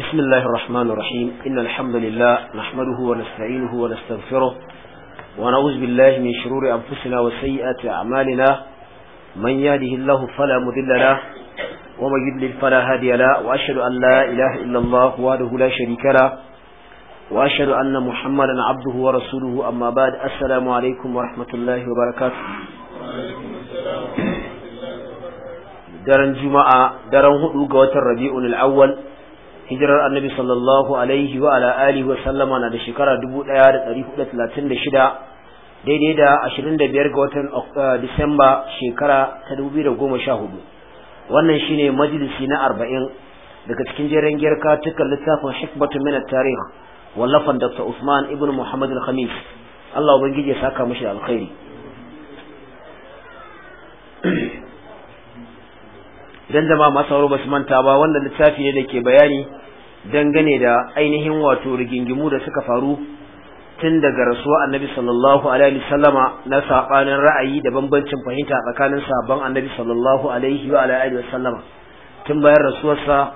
بسم الله الرحمن الرحيم إن الحمد لله نحمده ونستعينه ونستغفره ونعوذ بالله من شرور أنفسنا وسيئات أعمالنا من يهده الله فلا مذل له ومن يضلل فلا هادي له وأشهد أن لا إله إلا الله وحده لا شريك له وأشهد أن محمدا عبده ورسوله أما بعد السلام عليكم ورحمة الله وبركاته وبركاته juma'a جمعة hudu ga watan الربيع الأول hijirar annabi sallallahu alaihi wa ala alihi wa sallama na da shekara 1436 daidai da 25 ga watan eh, Disamba shekara ta 2014 wannan shine majalisi na 40 daga cikin jerin girka tukan littafin hikmatu min at-tarikh wallafan Dr. Usman ibn Muhammad al-Khamis Allah ubangiji ya saka mishi alkhairi idan zama masu sauraro ba su manta ba wannan littafi ne da ke bayani dangane da ainihin wato rigingimu da suka faru tun daga rasuwa annabi sallallahu alaihi wasallama na sabanin ra'ayi da bambancin fahimta tsakanin sabon annabi sallallahu alaihi wa alihi wasallama tun bayan rasuwarsa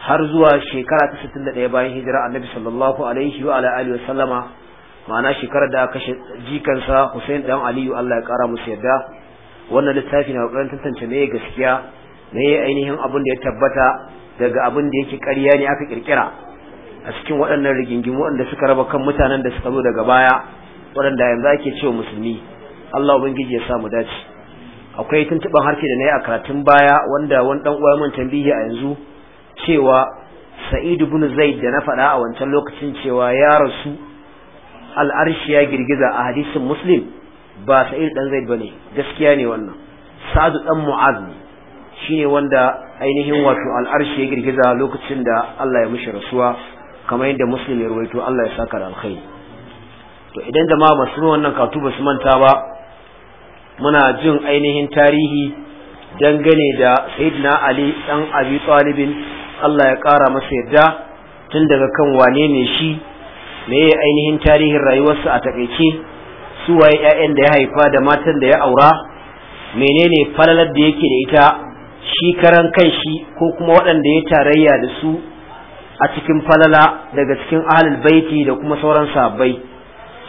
har zuwa shekara ta 61 bayan hijira annabi sallallahu alaihi wa alihi wasallama ma'ana shekarar da aka jikansa Hussein dan Aliyu Allah ya kara musu yadda wannan littafi na kokarin tantance me gaskiya me ainihin abin da ya tabbata daga abin da yake ƙarya ne aka kirkira a cikin waɗannan rigingimu waɗanda suka raba kan mutanen da suka zo daga baya waɗanda yanzu ake cewa musulmi Allah ubangiji ya sa mu dace akwai tuntuɓin harshe da na yi a karatun baya wanda wani ɗan uwa mun tambihi a yanzu cewa Sa'idu bin Zaid da na faɗa a wancan lokacin cewa ya rasu al'arshi ya girgiza a hadisin Muslim ba Sa'idu dan Zaid bane gaskiya ne wannan Sa'adu dan Mu'az ne shine wanda ainihin wato al'arshi ya girgiza lokacin da Allah ya mishi rasuwa kamar yadda muslim ya ruwaito Allah ya saka da alkhairi to idan da jama'a masu wannan katu ba su manta ba muna jin ainihin tarihi dangane da sayyidina ali dan abi talibin Allah ya kara masa yadda tun daga kan wane ne shi meye ainihin tarihin rayuwarsa a takaice su waye ƴaƴan da ya haifa da matan da ya aura menene falalar da yake da ita shi karan kan shi ko kuma waɗanda ya tarayya da su a cikin falala daga cikin ahlul baiti da kuma sauran sahabbai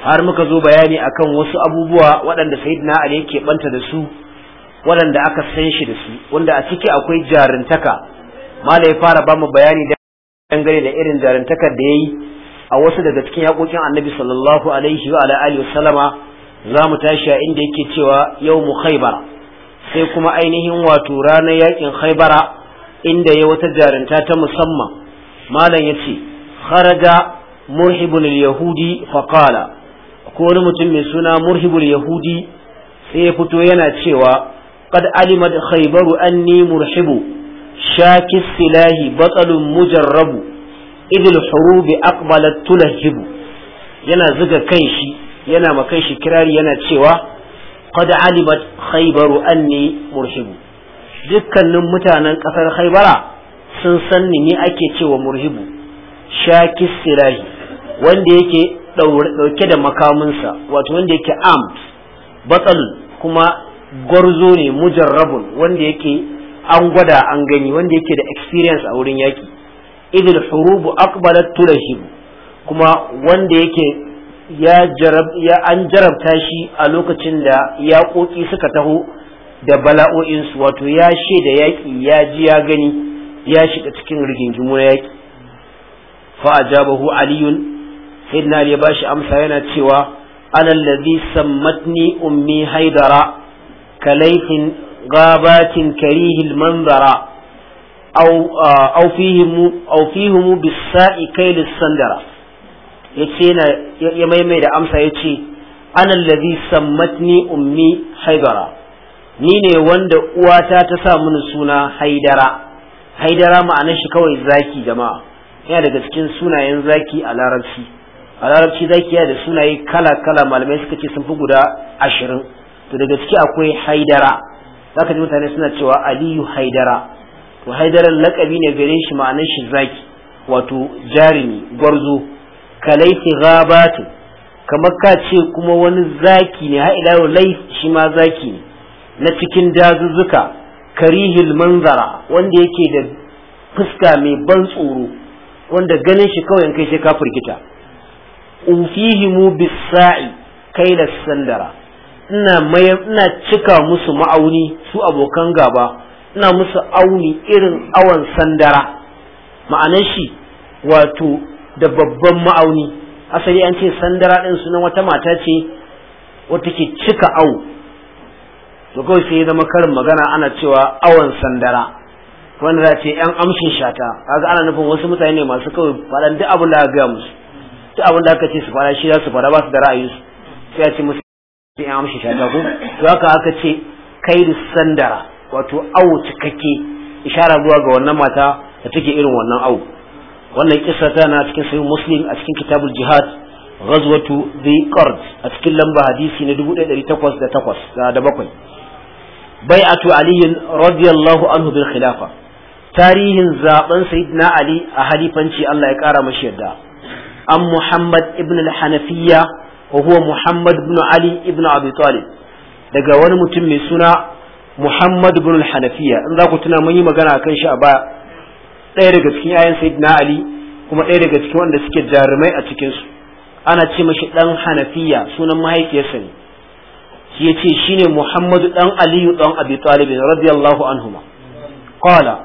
har muka zo bayani akan wasu abubuwa waɗanda sayyidina ali yake banta da su waɗanda aka san shi da su wanda a ciki akwai jarintaka mala ya fara bamu bayani da dangane da irin jarintakar da yayi a wasu daga cikin yakokin annabi sallallahu alaihi wa alihi za mu tashi a inda yake cewa yau mu khaybara sai kuma ainihin wato ranar yakin haibara inda ya wata jarinta ta musamman malam ya ce kharaja murhibun yahudi faqala ko wani mutum mai suna murhibul yahudi sai ya fito yana cewa qad alimat khaybaru anni murhibu shaki silahi batsalun mujarrabu idil hurubi aqbalat tulahibu yana zuga kanshi yana ma kanshi kirari yana cewa qad alimat khaybaru anni murhibu dukkanin mutanen kasar khaybara sun san ni ne ake cewa murhibu shaki sirahi wanda yake dauke da makaminsa wato wanda yake armed batsal kuma gwarzo ne mujarrabun wanda yake an gwada an gani wanda yake da experience a wurin yaki idil hurubu aqbalat tulahibu kuma wanda yake ya an jarabta shi a lokacin da yaƙoƙi suka taho da bala'o'insu wato ya shaida yaƙi ya ji ya gani ya shiga cikin rigingimu na yaƙi fa aliyun sayyidina ali ba shi amsa yana cewa ana allazi sammatni ummi haidara kalayhin gabatin karihil manzara aw aw bisa'i aw sandara yace na ya maimai da amsa yace ana allazi sammatni ummi haidara ni ne wanda uwata ta sa mini suna haidara haidara ma'anar shi kawai zaki jama'a yana daga cikin sunayen zaki a larabci a larabci zaki yana da sunaye kala kala malamai suka ce sun fi guda ashirin to daga ciki akwai haidara zaka ji mutane suna cewa aliyu haidara to haidaran lakabi ne gare shi ma'anar shi zaki wato jarumi gwarzo kalaiti ghabatu kamar ka ce kuma wani zaki ne ha ila lai shi ma zaki ne na cikin dazuzzuka karihil manzara wanda yake da fuska mai ban tsoro wanda ganin shi kawai in kai sai ka firgita ufihimu bisa'i kai da sandara ina mayar ina cika musu ma'auni su abokan gaba ina musu auni irin awan sandara ma'anar shi wato da babban ma'auni asali an ce sandara ɗin sunan wata mata ce wata ke cika au to kawai sai ya zama karin magana ana cewa awon sandara wanda za ce yan amshin shata kaga ana nufin wasu mutane ne masu kawai faɗan duk abin da aka gaya musu duk abin da aka ce su faɗa shi za su faɗa ba su da ra'ayinsu sai a ce musu yan amshin shata ko to haka aka ce kai da sandara wato awo cikakke ishara zuwa ga wannan mata da take irin wannan awo wannan kissa tana cikin sahih muslim a cikin kitabul jihad ghazwatu dhi qard a cikin lamba hadisi na 1808 da bakwai bai'atu ali radiyallahu anhu bil khilafa tarihin zaben sayyidina ali a halifanci Allah ya kara mashi yadda an muhammad ibn al-hanafiyya wa huwa muhammad ibn ali ibn abi talib daga wani mutum mai suna muhammad ibn al-hanafiyya in za ku tuna mun yi magana akan shi a baya ɗaya daga cikin yayan sayyidina ali kuma ɗaya daga cikin wanda suke jarumai a cikin su ana ce mashi dan hanafiya sunan mahaifiyarsa ne shi ya ce shine muhammadu dan aliyu dan abi talib radiyallahu anhuma qala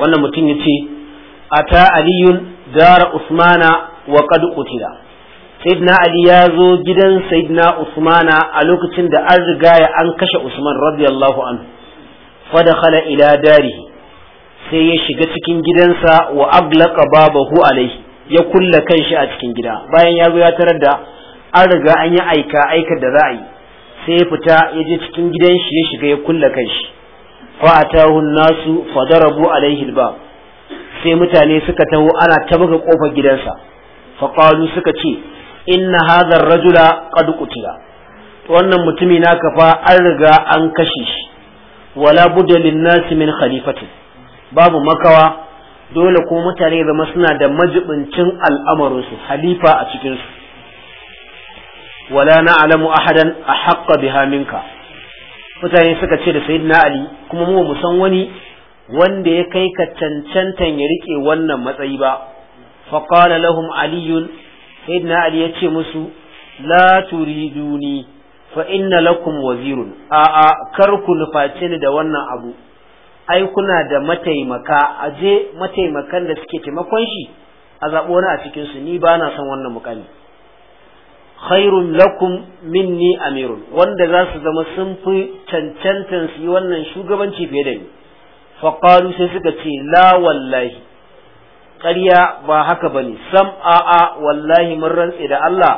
wannan mutum ya ce ata aliyun dara usmana wa qad qutila sayyidina ali ya zo gidan sayyidina usmana a lokacin da an riga ya an kashe usman radiyallahu anhu fa dakhala ila darihi sai ya shiga cikin gidansa wa aglaqa babahu alaihi ya kulla kanshi a cikin gida bayan ya zo ya tarar da an riga an yi aika aika da ra'ayi sai ya fita ya je cikin gidan shi ya shiga ya kulla kanshi fa atahu nasu fa fadarabu alaihi albab sai mutane suka taho ana ta buga kofar gidansa fa qalu suka ce inna hadha rajula qad qutila wannan mutumi na kafa an riga an kashe shi wala budda lin-nasi min khalifatin babu makawa dole ko mutane zama suna da majibincin al'amarinsu halifa a cikinsu wala na alamu ahadan a haƙƙa biha minka mutane suka ce da sayyidina ali kuma mu mu san wani wanda ya kai ka cancantan ya rike wannan matsayi ba fa qala lahum aliyun sayyidina ali ya ce musu la turiduni fa inna lakum wazirun a a kar ku nufaci ni da wannan abu ai kuna da mataimaka a je mataimakan da suke taimakon shi a zaɓo wani a cikin su ni ba na son wannan mukami khairun lakum minni amirun wanda za su zama sun fi cancantan su yi wannan shugabanci fiye da ni faqalu sai suka ce la wallahi ƙarya ba haka bane sam a'a wallahi mun rantse da Allah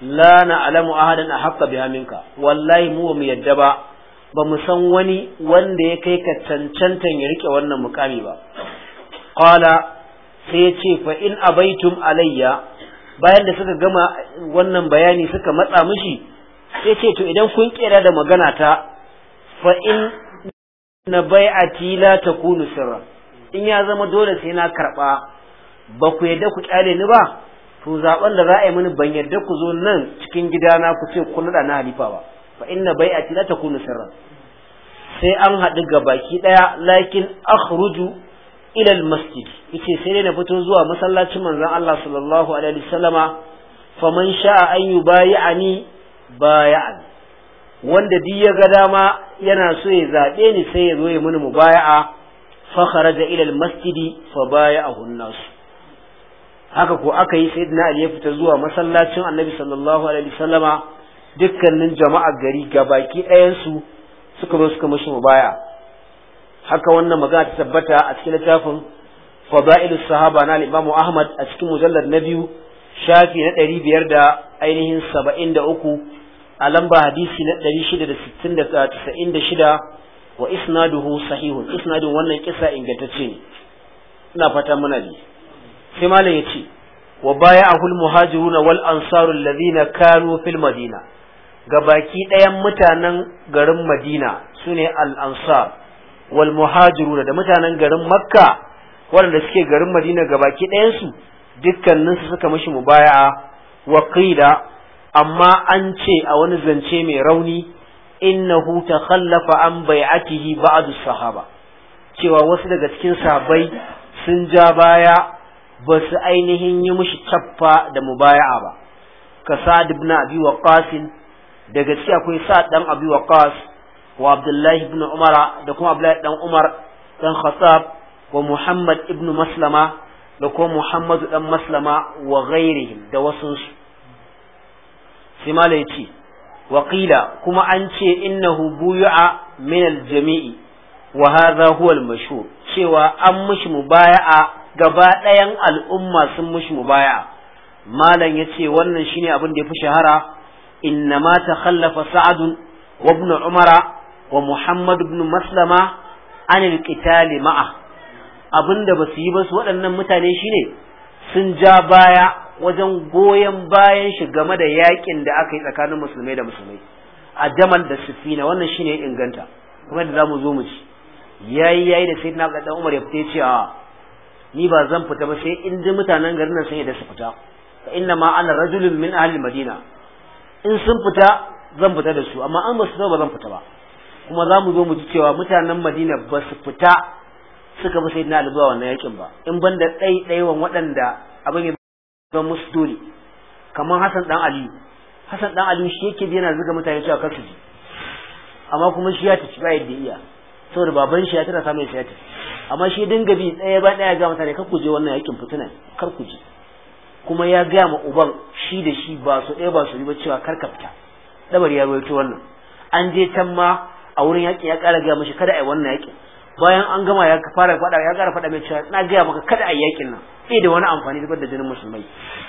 la na alamu ahadan a haqqa biha minka wallahi mu ba mu yadda ba ba mu san wani wanda ya kai ka cancantan ya rike wannan mukami ba Kwala sai ya ce fa in abaitum alayya bayan da suka gama wannan bayani suka matsa mishi sai ce to idan kun kera da magana ta fa in na bai'ati la takunu sirra in ya zama dole sai na karba ba ku yadda ku kyale ni ba to zaben da za a yi mini ban yadda ku zo nan cikin gidana ku ce ku nada na halifa ba fa inna bai'ati la takunu sirran sai an haɗu ga baki ɗaya lakin akhruju ila almasjid yace sai dai na fito zuwa masallacin manzon Allah sallallahu alaihi wasallama faman sha'a an yubayi'ani bay'an wanda duk ya ga dama yana so ya zabe ni sai ya zo ya muni mubaya'a fa kharaja ila masjidi fa baya'ahu an-nas haka ko aka yi sayyidina Ali ya fita zuwa masallacin Annabi sallallahu alaihi wasallama dukkanin jama'a gari ga gabaki ɗayansu suka zo suka mu baya. haka wannan magana ta tabbata a cikin littafin fada'ilus sahaba na Imam Ahmad a cikin mujallar na biyu shafi na ɗari biyar da ainihin saba'in da uku a lamba hadisi na ɗari shida da sittin da tasa'in da shida wa isnaduhu sahihun isnadin wannan kisa ingantacce ne ina fata muna bi sai malam ya ce wa baya ahul muhajiruna wal ansaru alladhina kanu fil madina ga baki ɗayan mutanen garin madina su ne al'ansar wal da mutanen garin makka waɗanda suke garin madina ga baki ɗayansu dukkaninsu suka mashi mubaya'a wa ƙida amma an ce a wani zance mai rauni innahu khallafa an bai bai'atihi ba'd sahaba cewa wasu daga cikin sahabai sun ja baya ba su ainihin yi mushi cappa da mubaya'a ba ka sa'ad ibn abi waqas daga ciki akwai sa'ad dan abi waqas wa abdullahi ibn umara da kuma abdullahi dan umar dan khattab wa muhammad ibn maslama da kuma muhammad dan maslama wa ghairihim da wasu sai malai ce Waƙila kuma an ce innahu buyu'a min al-jami'i wa hadha huwa al-mashhur cewa an mushi mubaya'a gaba ɗayan al'umma sun mushi mubaya'a malam yace wannan shine abin da ya fi shahara إنما تخلف سعد وابن عمر ومحمد بن مسلمة عن القتال معه abin da ba su yi ba su waɗannan mutane shine sun ja baya wajen goyon bayan shi game da yaƙin da aka yi tsakanin musulmai da musulmai a jamal da sufina wannan shine inganta kuma da zamu zo mu ci yayi yayi da sayyidina Abdul Umar ya fita ce a ni ba zan fita ba sai in ji mutanen garin nan sun da su fita inna ma ana rajulun min ahli madina in sun fita zan fita da su amma an ba su ba zan fita ba kuma za mu zo mu ji cewa mutanen madina ba su fita suka fi sayyidina na zuwa wannan yakin ba in ban da ɗaiɗaiwan waɗanda abin ya zama musu dole kamar hasan ɗan aliyu hasan ɗan aliyu shi yake yana zuga mutane cewa kar su ji amma kuma shi ya tafi ba yadda iya saboda baban shi ya tana samun shi ya ta amma shi dinga bi ɗaya ba ɗaya ga mutane kar ku je wannan yakin fitina kar ku je kuma ya gaya ma uban shi da shi ba su ɗaya ba su ba cewa karka ka fita dabar ya rawaito wannan an je can ma a wurin yaƙi ya ƙara gaya mashi kada a yi wannan yaƙin bayan an gama ya fara faɗa ya ƙara faɗa mai cewa na gaya maka kada a yi yaƙin nan sai da wani amfani zubar da jinin musulmai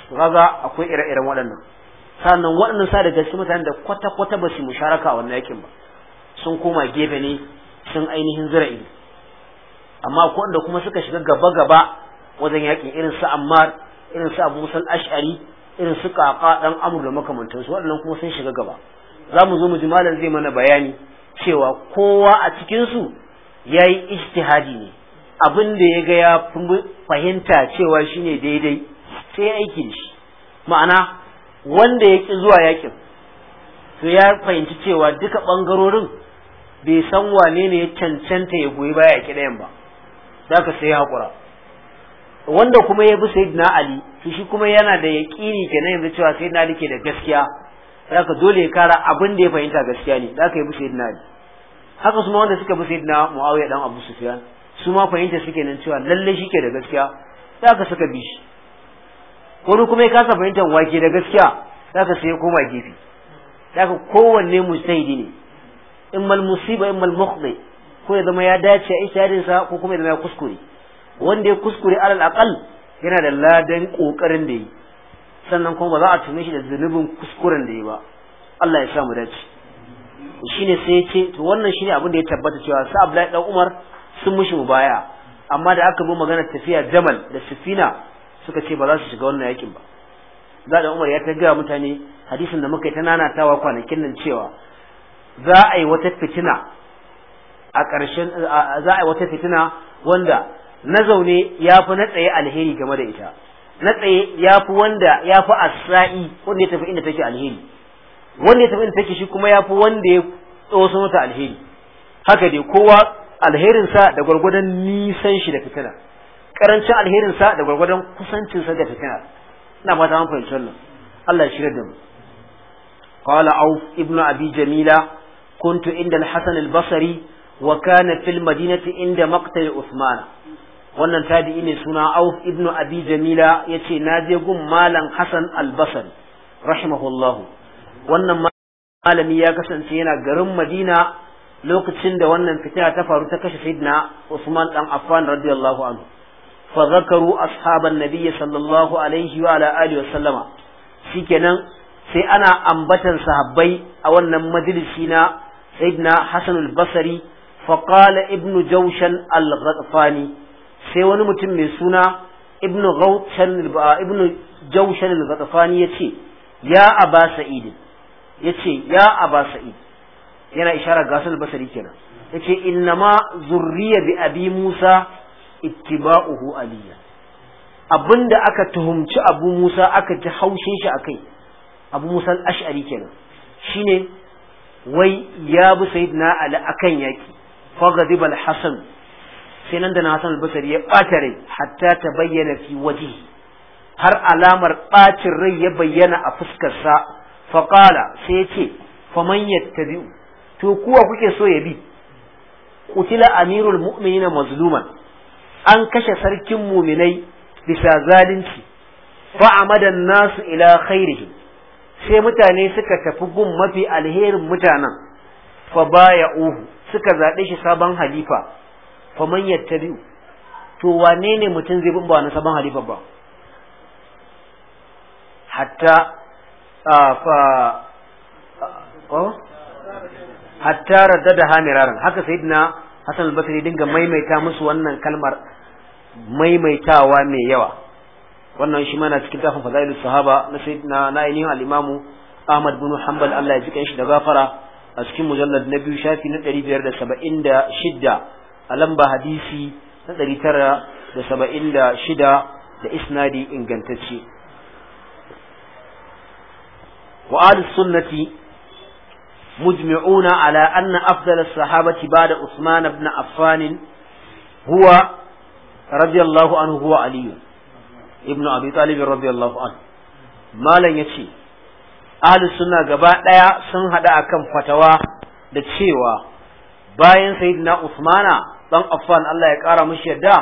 to kaga akwai ire-iren waɗannan sannan waɗannan sa da gaske mutanen da kwata-kwata ba su musharaka a wannan yaƙin ba sun koma gefe ne sun ainihin zira ido amma akwai wanda kuma suka shiga gaba-gaba wajen yaƙin irin su ammar irin su abu musal ash'ari irin su kaka dan amur da makamantansu waɗannan kuma sun shiga gaba zamu zo mu ji malam zai mana bayani cewa kowa a cikin su yayi ijtihadi ne abin da ya ga ya fahimta cewa shine daidai sai aiki da shi ma'ana wanda ya ƙi zuwa yakin to ya fahimci cewa duka ɓangarorin bai san wane ne ya cancanta ya goyi baya ya ba za ka sai haƙura wanda kuma ya bi sayyidina ali to shi kuma yana da yaqini kenan yanzu cewa sayyidina ali ke da gaskiya zaka dole ya kara abin da ya fahimta gaskiya ne zaka yi bi sayyidina ali haka su wanda suka bi sayyidina muawiya dan abu sufyan su ma fahimta suke nan cewa lalle shi ke da gaskiya zaka suka bi shi wani kuma ya kasa fahimtar wake da gaskiya zaka sai ya koma gefe zaka kowanne mujtahidi ne In mal musiba mal mukhdi ko ya zama ya dace a sa ko kuma ya zama ya kuskure wanda ya kuskure alal aqal yana da ladan kokarin da yi sannan kuma ba za a tume shi da zunubin kuskuren da yi ba Allah ya sa mu dace shine sai ya ce to wannan shine abin da ya tabbata cewa sa Abdullahi dan Umar sun mushi mu baya amma da aka bi magana tafiya Jamal da Sifina suka ce ba za su shiga wannan yakin ba za da Umar ya ta ga mutane hadisin da muka yi ta nanatawa kwanakin nan cewa za a yi wata fitina a ƙarshen za a yi wata fitina wanda na zaune ya fi na tsaye alheri game da ita na tsaye ya fi wanda ya fi asra'i wanda ya tafi inda take alheri wanda ya tafi inda take shi kuma ya fi wanda ya tsoso mata alheri haka dai kowa alherinsa da gwargwadon nisan shi da fitina karancin alherinsa da gwargwadon kusancinsa da fitina ina fata an fahimci wannan Allah ya shirya da mu qala auf ibnu abi jamila kuntu inda al-hasan al-basri wa kana fil madinati inda maqtal uthman wannan tabi'i ne suna auf ibnu abi jamila yace na je gun malam hasan albasan rahimahullahu wannan malami ya kasance yana garin madina lokacin da wannan fitina ta faru ta kashe sayyidina usman dan affan radiyallahu anhu fa zakaru ashaban nabiy sallallahu alaihi wa ala alihi wa sallama shikenan sai ana ambatan sahabbai a wannan majalisi na sayyidina hasan al-basri fa qala ibnu jawshan al sai wani mutum mai suna ibn gautan ibn jaushan al yace ya aba sa'id yace ya aba sa'id yana ishara ga Hassan al-Basri kenan yace innama zurriya bi abi Musa ittiba'uhu aliya abinda aka tuhumci Abu Musa aka ji haushin shi akai Abu Musa al-Ash'ari kenan shine wai ya bi sayyidina Ali akan yaki fa ghadiba al-Hasan sai nan da na Hassan albasari ya ɓata rai hatta ta bayyana fi waje har alamar ɓacin rai ya bayyana a fuskarsa sa fa qala sai yace faman yattabi to kuwa kuke so ya bi kutila amirul mu'minina mazluman an kashe sarkin mu'minai bisa zalunci fa nasu ila khairihi sai mutane suka tafi gun mafi alherin mutanen fa baya uhu suka zaɓe shi sabon halifa faman biyu. to wane ne mutum zai bin ba wani sabon halifa ba hatta fa hatta radda da hamiraran haka sayyidina Hassan al-Basri dinga maimaita musu wannan kalmar maimaitawa mai yawa wannan shi mana cikin tafin fazailu sahaba na sayyidina na ainihin al Ahmad bin Hanbal Allah ya jikan shi da gafara a cikin mujallad na biyu shafi na 576 a lamba hadisi na ɗari tara da saba'in da shida da isnadi ingantacce wa sunnati mujmi'una ala anna afdal sahabati ba'da Usman ibn Affan huwa radiyallahu anhu huwa Ali ibn Abi Talib radiyallahu anhu malan yace ahlus sunna gaba daya sun hada akan fatawa da cewa bayan sayyidina Usmana dan Affan Allah ya kara mishi yadda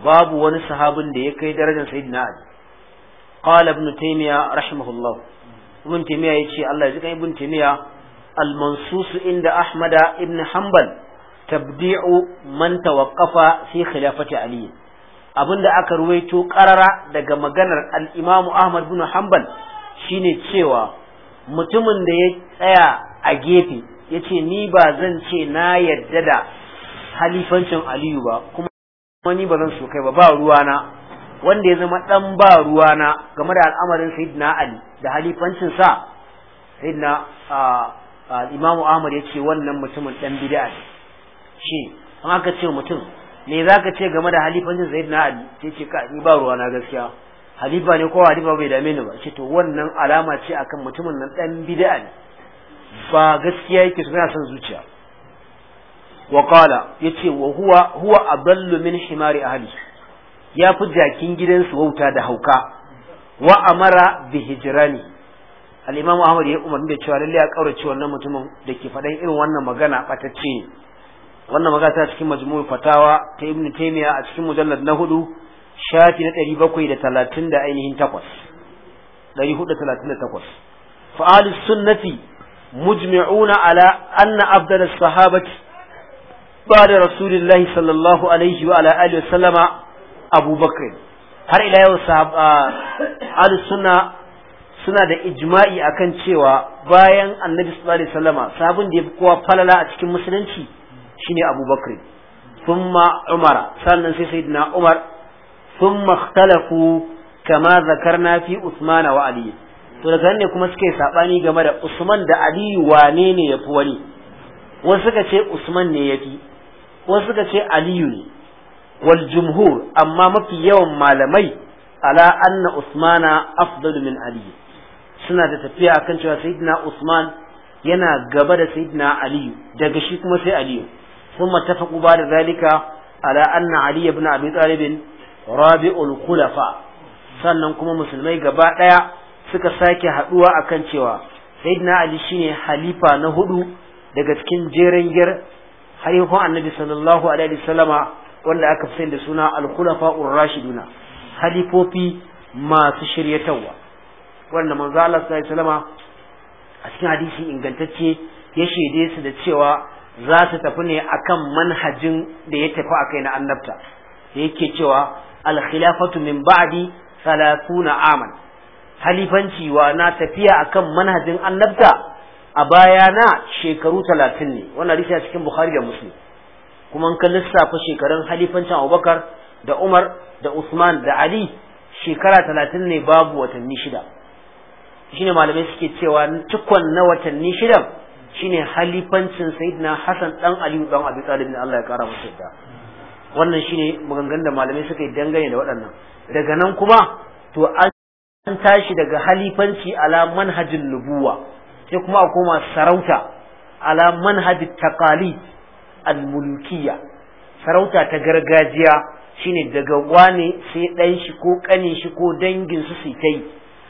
babu wani sahabin da ya kai darajar sayyidina Ali qala ibn taymiya rahimahullah ibn taymiya yace Allah ya jika ibn taymiya al mansus inda ahmada ibn hanbal tabdi'u man tawaqqafa fi khilafati ali abinda aka ruwaito karara daga maganar al imam ahmad ibn hanbal shine cewa mutumin da ya tsaya a gefe yace ni ba zan ce na yadda da halifancin aliyu ba kuma wani ba zan so kai ba ba ruwana wanda ya zama dan ba ruwa na game da al'amarin sayyidina ali da halifancin sa sayyidina imam ahmad ya ce wannan mutumin dan bid'a ne shi an aka ce mutum me zaka ce game da halifancin sayyidina ali ce ce ka ni ba ruwana gaskiya halifa ne ko halifa bai dame ni ba ce to wannan alama ce akan mutumin nan dan bid'a ne ba gaskiya yake so son zuciya wa qala yace wa huwa huwa adallu min himari ahli ya fi jakin gidansu wauta da hauka wa amara bi hijrani al-imamu ahmad ya umarni da cewa lalle ya kaurace wannan mutumin da ke faɗan irin wannan magana batacce ne wannan magana ta cikin majmu'ul fatawa ta ibn taymiya a cikin mujallad na hudu shafi na ɗari bakwai da talatin da ainihin takwas ɗari hudu talatin da takwas sunnati mujmi'una ala anna abdal sahabati بعد رسول الله صلى الله عليه وعلى آله sallama أبو har ila yau ahli sunna suna da ijma'i akan cewa bayan annabi sallallahu alaihi sallama sahabin da yafi kowa falala a cikin musulunci shine Abu Bakr thumma Umar sannan sai sayyidina Umar thumma ikhtalafu kama zakarna fi Uthman wa Ali to daga ne kuma suke sabani game da Usman da Ali wane ne yafi wani wasu suka ce Usman ne yafi wasu suka ce aliyu ne wal jumhur amma mafi yawan malamai ala anna usmana afdalu min aliyu suna da tafiya akan cewa sayyidina usman yana gaba da sayyidina aliyu daga shi kuma sai aliyu ثم ba da zalika ala anna ali ibn abi talib rabiul khulafa sannan kuma musulmai gaba ɗaya suka sake haɗuwa akan cewa sayyidina ali shine halifa na hudu daga cikin gir. haihuwa annabi sallallahu alaihi wasallama wanda aka fi da suna al-khulafa rashiduna halifofi masu shiryatarwa wanda manzo Allah sallallahu alaihi a cikin hadisi ingantacce ya shaide su da cewa za su tafi ne akan manhajin da ya tafi akai na annabta da yake cewa al-khilafatu min ba'di 30 aman halifanci wa na tafiya akan manhajin annabta a baya na shekaru talatin ne wannan hadisi a cikin bukhari da muslim kuma an kan lissafa shekarun halifancin abubakar da umar da usman da ali shekara talatin ne babu watanni shida shine malamai suke cewa cikon na watanni shida shine halifancin sayyidina hasan dan aliyu dan abi talib ne Allah ya kara masa yadda wannan shine maganganun da malamai suka yi dangane da waɗannan daga nan kuma to an tashi daga halifanci ala manhajin nubuwa sai kuma a koma sarauta ala manhaji taqalid mulkiya. sarauta ta gargajiya shine daga wane sai ɗan shi ko ƙanin shi ko dangin su sai kai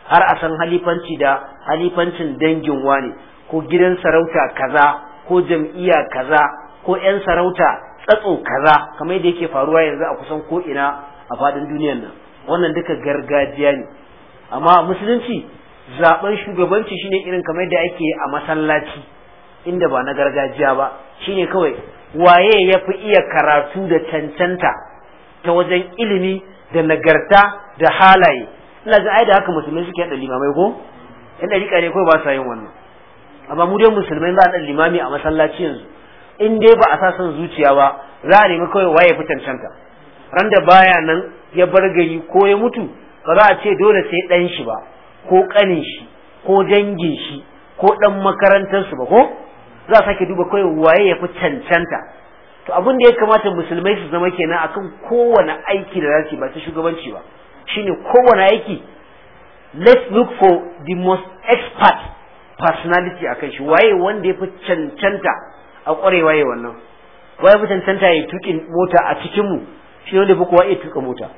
har a san halifanci da halifancin dangin wane ko gidan sarauta kaza ko jam'iyya kaza ko 'yan sarauta tsatso kaza kamar yadda yake faruwa yanzu a kusan ko ina a faɗin duniyar nan wannan duka gargajiya ne amma musulunci zaben shugabanci shine irin kamar da ake a masallaci inda ba na gargajiya ba shine kawai waye ya fi iya karatu da cancanta ta wajen ilimi da nagarta da halaye ina ga ai da haka musulmai suke da limamai ko yan dariƙa ne kawai ba sa yin wannan amma mu dai musulmai za a ɗan limami a masallaci yanzu in dai ba a sa son zuciya ba za a nemi kawai waye fi cancanta ran da baya nan ya bar gari ko ya mutu ba za a ce dole sai ɗan shi ba ko ƙanin shi ko dangin shi ko ɗan makarantarsu ba ko za a sake duba kai waye ya fi cancanta to abin da ya kamata musulmai su zama kenan akan kowane aiki da zasu ba ta shugabanci ba shine kowane aiki let's look for the most expert personality akan shi waye wanda ya fi cancanta a ƙwarewa ya wannan waye fi cancanta ya tuƙin mota a cikinmu mu shi wanda ya fi kowa iya tuka mota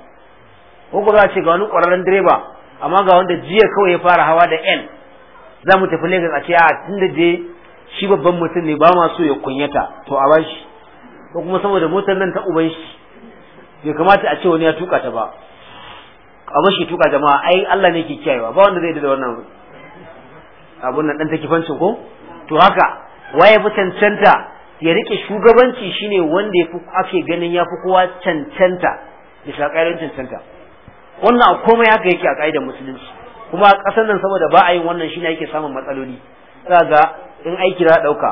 ko ko za a ce ga wani ƙwararren direba amma ga wanda jiya kawai ya fara hawa da L za mu tafi Lagos a ce a ah, tunda dai shi babban mutum ne ba ma so ya kunyata to a bashi ko kuma saboda motar nan ta uban shi bai kamata a ce wani ya tuka ta ba a bashi tuka jama'a ai Allah ne ke kiyayewa ba wanda zai da wannan abun nan dan take fancin ko to haka waye fi cancanta ya rike shugabanci shine wanda ya fi ake ganin ya fi kowa cancanta bisa ƙarin cancanta wannan a komai haka yake a ka'idar musulunci kuma a ƙasar nan saboda ba a yin wannan shine ake samun matsaloli ga in aiki za a ɗauka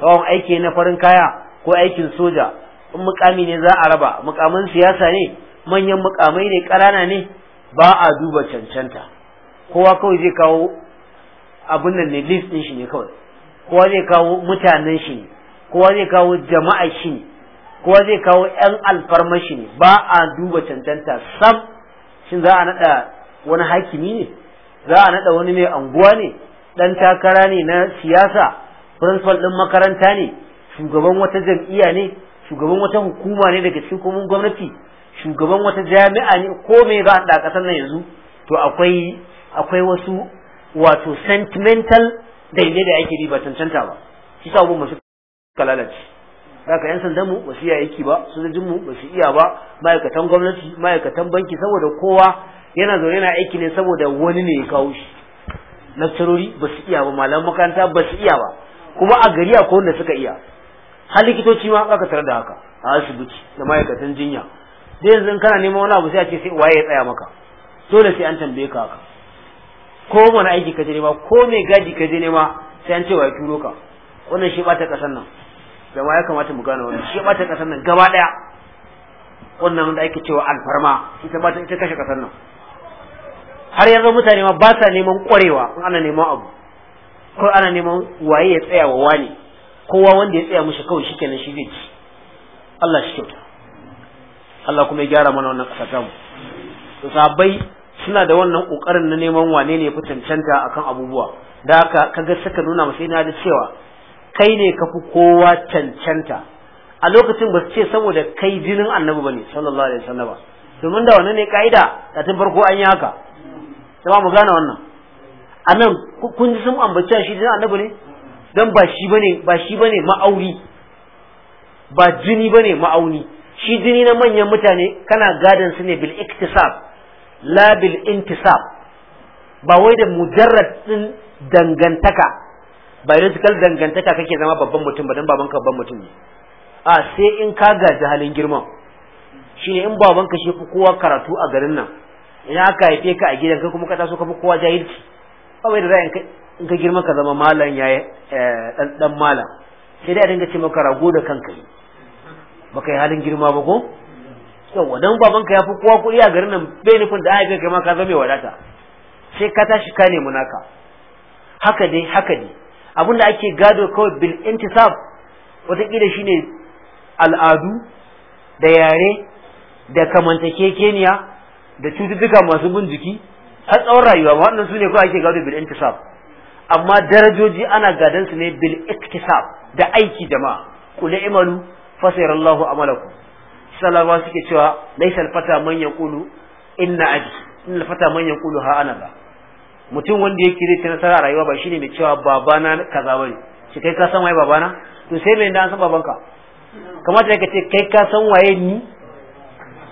tsawon aiki na farin kaya ko aikin soja in mukami ne za a raba mukamin siyasa ne manyan mukamai ne ƙanana ne ba a duba cancanta kowa kawai zai kawo abin nan ne list ɗin shi ne kawai kowa zai kawo mutanen shi ne kowa zai kawo jama'a shi ne kowa zai kawo 'yan alfarmar shi ne ba a duba cancanta sam shin za a naɗa wani hakimi ne za a naɗa wani mai anguwa ne ɗan takara ne na siyasa principal ɗin makaranta ne shugaban wata jam'iyya ne shugaban wata hukuma ne daga cikin gwamnati shugaban wata jami'a ne ko me za a ƙasar nan yanzu to akwai akwai wasu wato sentimental daidai da ake ba cancanta ba shi sa abun masu kalalaci haka yan sandan mu ba su iya aiki ba sojojin mu ba su iya ba ma'aikatan gwamnati ma'aikatan banki saboda kowa yana zaune yana aiki ne saboda wani ne ya kawo shi ba su iya ba malam makaranta ba su iya ba kuma a gari akwai wanda suka iya har likitoci ma za ka tare da haka a asibiti da ma'aikatan jinya da yanzu in kana neman wani abu sai a ce sai waye ya tsaya maka dole sai an tambaye ka haka ko wani aiki ka je nema ko mai gadi ka je nema sai an ce ya turo ka wannan shi bata ƙasar nan jama'a ya kamata mu gane wannan shi bata kasar nan gaba daya wannan da ake cewa alfarma ita bata ita kashe kasar nan har yanzu mutane ma ba sa neman kwarewa in ana neman abu ko ana neman waye ya tsaya wa wani kowa wanda ya tsaya mushi kawai shikenan shi zai ci Allah shi kyauta Allah kuma ya gyara mana wannan kasar ta mu saba'i suna da wannan kokarin na neman wane ne ya fi cancanta akan abubuwa da haka kaga saka nuna masa ina da cewa kai ne ka fi kowa cancanta a lokacin ba su ce saboda kai jinin annabi bane sallallahu alaihi wasallam domin da wannan ne kaida da tun farko an yi haka ba mu gane wannan anan kun ji sun ambaci shi jinin annabi ne dan ba shi bane ba shi bane ma'auri ba jini bane ma'auni shi jini na manyan mutane kana gadan su ne bil iktisab la bil intisab ba wai da mujarrad din dangantaka ba rizikal dangantaka kake zama babban mutum ba baban ka babban mutum ne a sai in ka gaji halin girman shine in ka shi fi kowa karatu a garin nan in aka haife ka a gidan ka kuma ka taso ka fi kowa jahilci kawai da za in ka girma ka zama malam ya eh, dan malam sai dai a dinga ce maka rago da kanka baka yi halin girma ba ko yawa dan ka ya fi kowa kuɗi a garin nan bai nufin da aka kai ma ka zama mai wadata sai ka tashi ka nemi naka haka dai haka dai abin da ake gado kawai bil intisab watakila shine al'adu da yare da kamantakekeniya da cututtuka masu bin jiki har tsawon rayuwa waɗannan su ne kawai ake gado bil intisab amma darajoji ana gadon su ne bil iktisab da aiki jama'a kula imalu a amalakum salawa suke cewa laisa fata man yaqulu inna aji innal fata man yaqulu ha ana ba mutum wanda yake zai ci nasara a rayuwa ba shine mai cewa babana kaza bane shi kai ka san waye babana to sai mai dan san babanka kamata ka ce kai ka san waye ni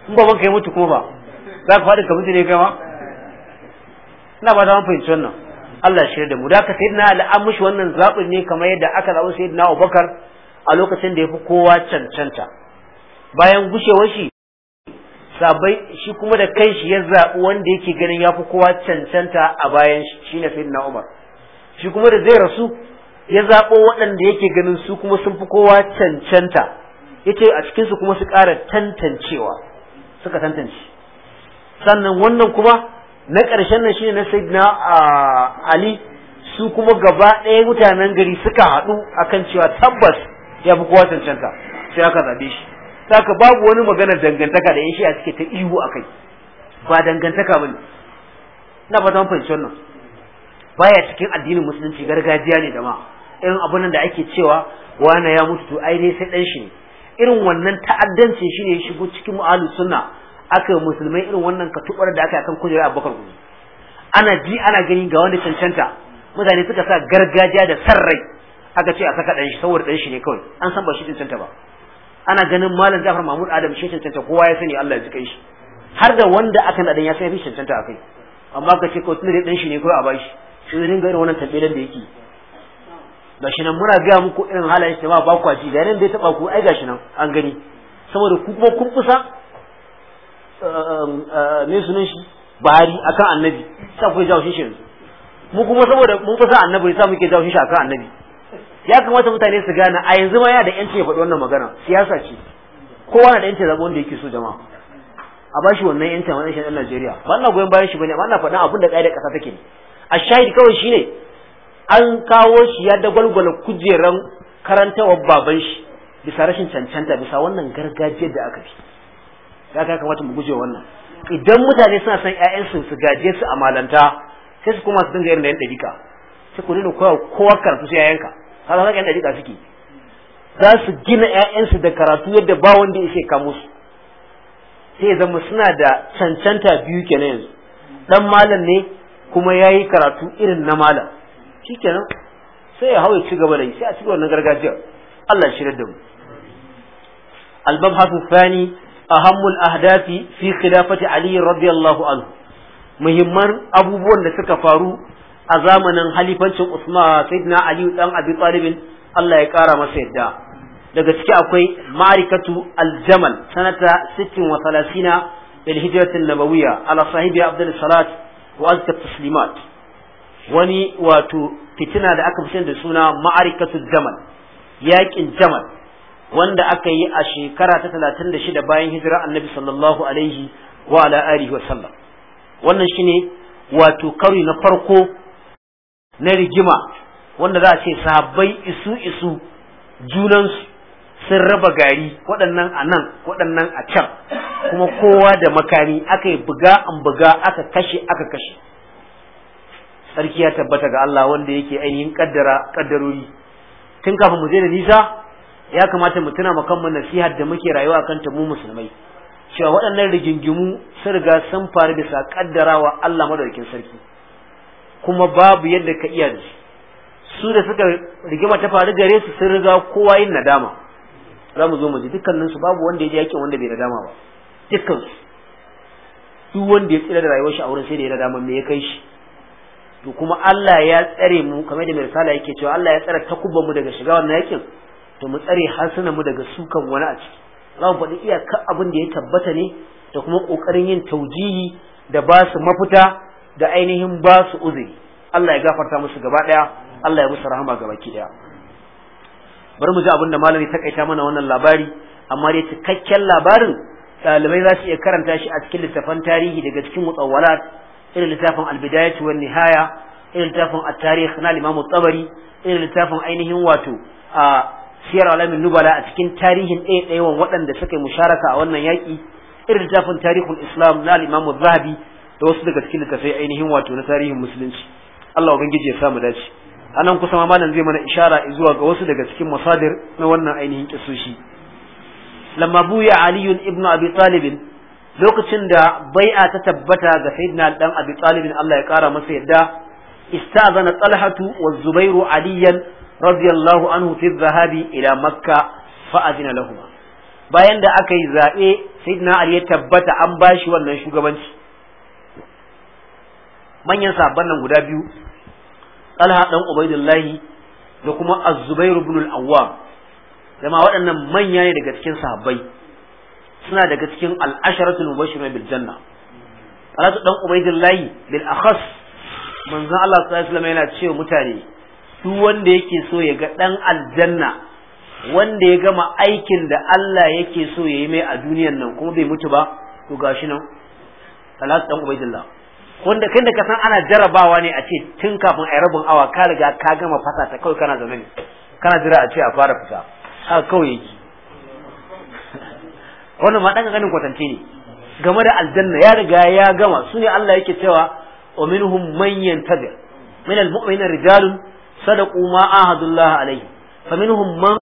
in babanka ya mutu kuma ba za ka faɗi ka mutu ne kai ma ina ba ta fahimci wannan Allah shirya da mu da ka sayyidina Ali an wannan zaɓin ne kamar yadda aka zaɓi sayyidina Abubakar a lokacin da ya fi kowa cancanta bayan gushewar shi zabai shi kuma da kanshi ya zaɓi wanda yake ganin ya fi kowa cancanta a bayan shi shine sayyidina Umar shi kuma da zai rasu ya zaɓo waɗanda yake ganin su kuma sun fi kowa cancanta yace a cikin su kuma su ƙara tantancewa suka tantance sannan wannan kuma na ƙarshen nan shine na sayyidina Ali su kuma gaba ɗaya mutanen gari suka haɗu akan cewa tabbas ya fi kowa cancanta sai aka zaɓe shi saka babu wani maganar dangantaka da shi a suke ta ihu a kai ba dangantaka ba ne na ba zan fahimci wannan baya cikin addinin musulunci gargajiya ne da ma irin abun da ake cewa wani ya mutu to ai dai sai dan shi ne irin wannan ta'addanci shi ne shigo cikin mu'alu sunna aka musulmai irin wannan katubar da aka yi akan kujerar abubakar gudu ana ji ana gani ga wanda cancanta mutane suka sa gargajiya da sarrai aka ce a saka dan shi saboda dan shi ne kawai an san ba shi cancanta ba ana ganin malam Jafar Mahmud Adam shi cancanta kowa ya sani Allah ya ji shi har da wanda aka nadan ya sani cancanta akai amma ka ce ko tun da dan shi ne ko a bashi shi ne ga irin wannan tabbilan da yake shi nan muna ga muku irin halayen shi ba ba ku ji da da ya taba ku ai gashi nan an gani saboda ku kuma kun kusa ne eh, sunan shi Buhari akan Annabi sai ku jawo shi shi mu kuma saboda mun kusa Annabi sai muke jawo shi akan Annabi ya kamata mutane su gane a yanzu ma yana da yanci ya faɗi wannan magana siyasa ce kowa na da yanci zaɓi wanda yake so jama'a a ba shi wannan a wannan shan Najeriya ba na goyon bayan shi bane ba na faɗin abin da ƙa'idar ƙasa take a shahid kawai shine an kawo shi ya dagwalgwala kujeran karantawar baban shi bisa rashin cancanta bisa wannan gargajiyar da aka fi ya ka kamata mu guje wannan idan mutane suna son ƴaƴansu su gaje su a malanta sai su koma su dinga irin da yan ɗabi'a sai ku dinga kowa karatu sai ƴaƴanka haka haka yan dariƙa suke za su gina ƴaƴansu da karatu yadda ba wanda ya kamo musu sai zama suna da cancanta biyu kenan yanzu dan malam ne kuma ya yi karatu irin na malam kenan sai ya ci gaba da yi sai a ci wannan gargajiya Allah shi da mu albab mabhasu fani ahammul ahdafi fi khilafati ali radiyallahu anhu muhimman abubuwan da suka faru a zamanin halifancin Usman Sayyidina Aliyu ɗan Abi Talib Allah ya ƙara masa yadda daga ciki akwai ma'aikatu aljamal jamal sanata 36 wa 30 lil hijrat an-nabawiyya ala sahibi Abdul Salat wa azka wani wato fitina da aka fi da suna ma'arikatu jamal yaƙin Jamal wanda aka yi a shekara ta shida bayan hijira annabi sallallahu alaihi wa ala wa sallam wannan shine wato karo na farko na rigima wanda za a ce sahabbai isu isu junansu sun raba gari waɗannan a nan waɗannan a can kuma kowa da makani aka yi buga an buga aka kashe aka kashe sarki ya tabbata ga Allah wanda yake ainihin kaddara kaddarori tun kafin mu je da nisa ya kamata mu tuna mu kanmu nasihar da muke rayuwa kan ta mu musulmai cewa waɗannan rigingimu sun riga sun faru bisa kaddarawa Allah madaukakin sarki kuma babu yadda ka iya da su da suka rigima ta faru gare su sun riga kowa yin nadama za mu zo mu ji dukkanin su babu wanda ya ji yakin wanda bai nadama ba dukkan su duk wanda ya tsira da rayuwar shi a wurin sai da ya nadama me ya kai shi to kuma Allah ya tsare mu kamar da misala yake cewa Allah ya tsare takubban mu daga shiga wannan yakin to mu tsare harsunan mu daga sukan wani a ciki za mu faɗi iyakar abin da ya tabbata ne da kuma ƙoƙarin yin taujihi da ba su mafita da ainihin ba su uzuri Allah ya gafarta musu gaba daya Allah ya musu rahama gaba ki daya bari mu ji abin da malami ta kaita mana wannan labari amma dai cikakken labarin ɗalibai za su iya karanta shi a cikin littafan tarihi daga cikin mutawwalat irin littafin albidayat wa nihaya irin littafin at-tarikh na Imam Tabari irin littafin ainihin wato a siyar alamin nubala a cikin tarihin ɗaya ɗaya waɗanda suka yi musharaka a wannan yaƙi irin littafin tarihul islam na Imam Zahabi da wasu daga cikin littafai ainihin wato na tarihin musulunci Allah ubangiji ya samu dace anan kusa ma malam zai mana ishara zuwa ga wasu daga cikin masadir na wannan ainihin kisoshi lamma buya ali ibn abi talib lokacin da bai'a ta tabbata ga sayyidina dan abi talib Allah ya kara masa yadda istazana talhatu wa zubairu aliyan radiyallahu anhu fi dhahabi ila makka fa adina lahum bayan da aka yi zabe sayyidina ali ya tabbata an bashi wannan shugabanci manyan sahabban nan guda biyu Talha dan Ubaidullahi da kuma Az-Zubair ibn al-Awwam dama waɗannan manya ne daga cikin sahabbai suna daga cikin al-asharatul mubashirun bil janna Talha dan Ubaidullahi bil akhas manzon Allah sallallahu alaihi wasallam yana cewa mutane duk wanda yake so ya ga dan aljanna wanda ya gama aikin da Allah yake so ya yi mai a duniyan nan kuma bai mutu ba to gashi nan Talatu dan Ubaidillah wanda kai da ka san ana jarabawa ne a ce tun kafin a rabin awa ka riga ka gama fasa ta kawai kana zaune kana jira a ce a fara fita a kawai yake wannan ma dan ganin kwatance ne game da aljanna ya riga ya gama su ne Allah yake cewa wa minhum man yantabi min almu'minina rijalun sadaqu ma ahadullah alayhi fa minhum man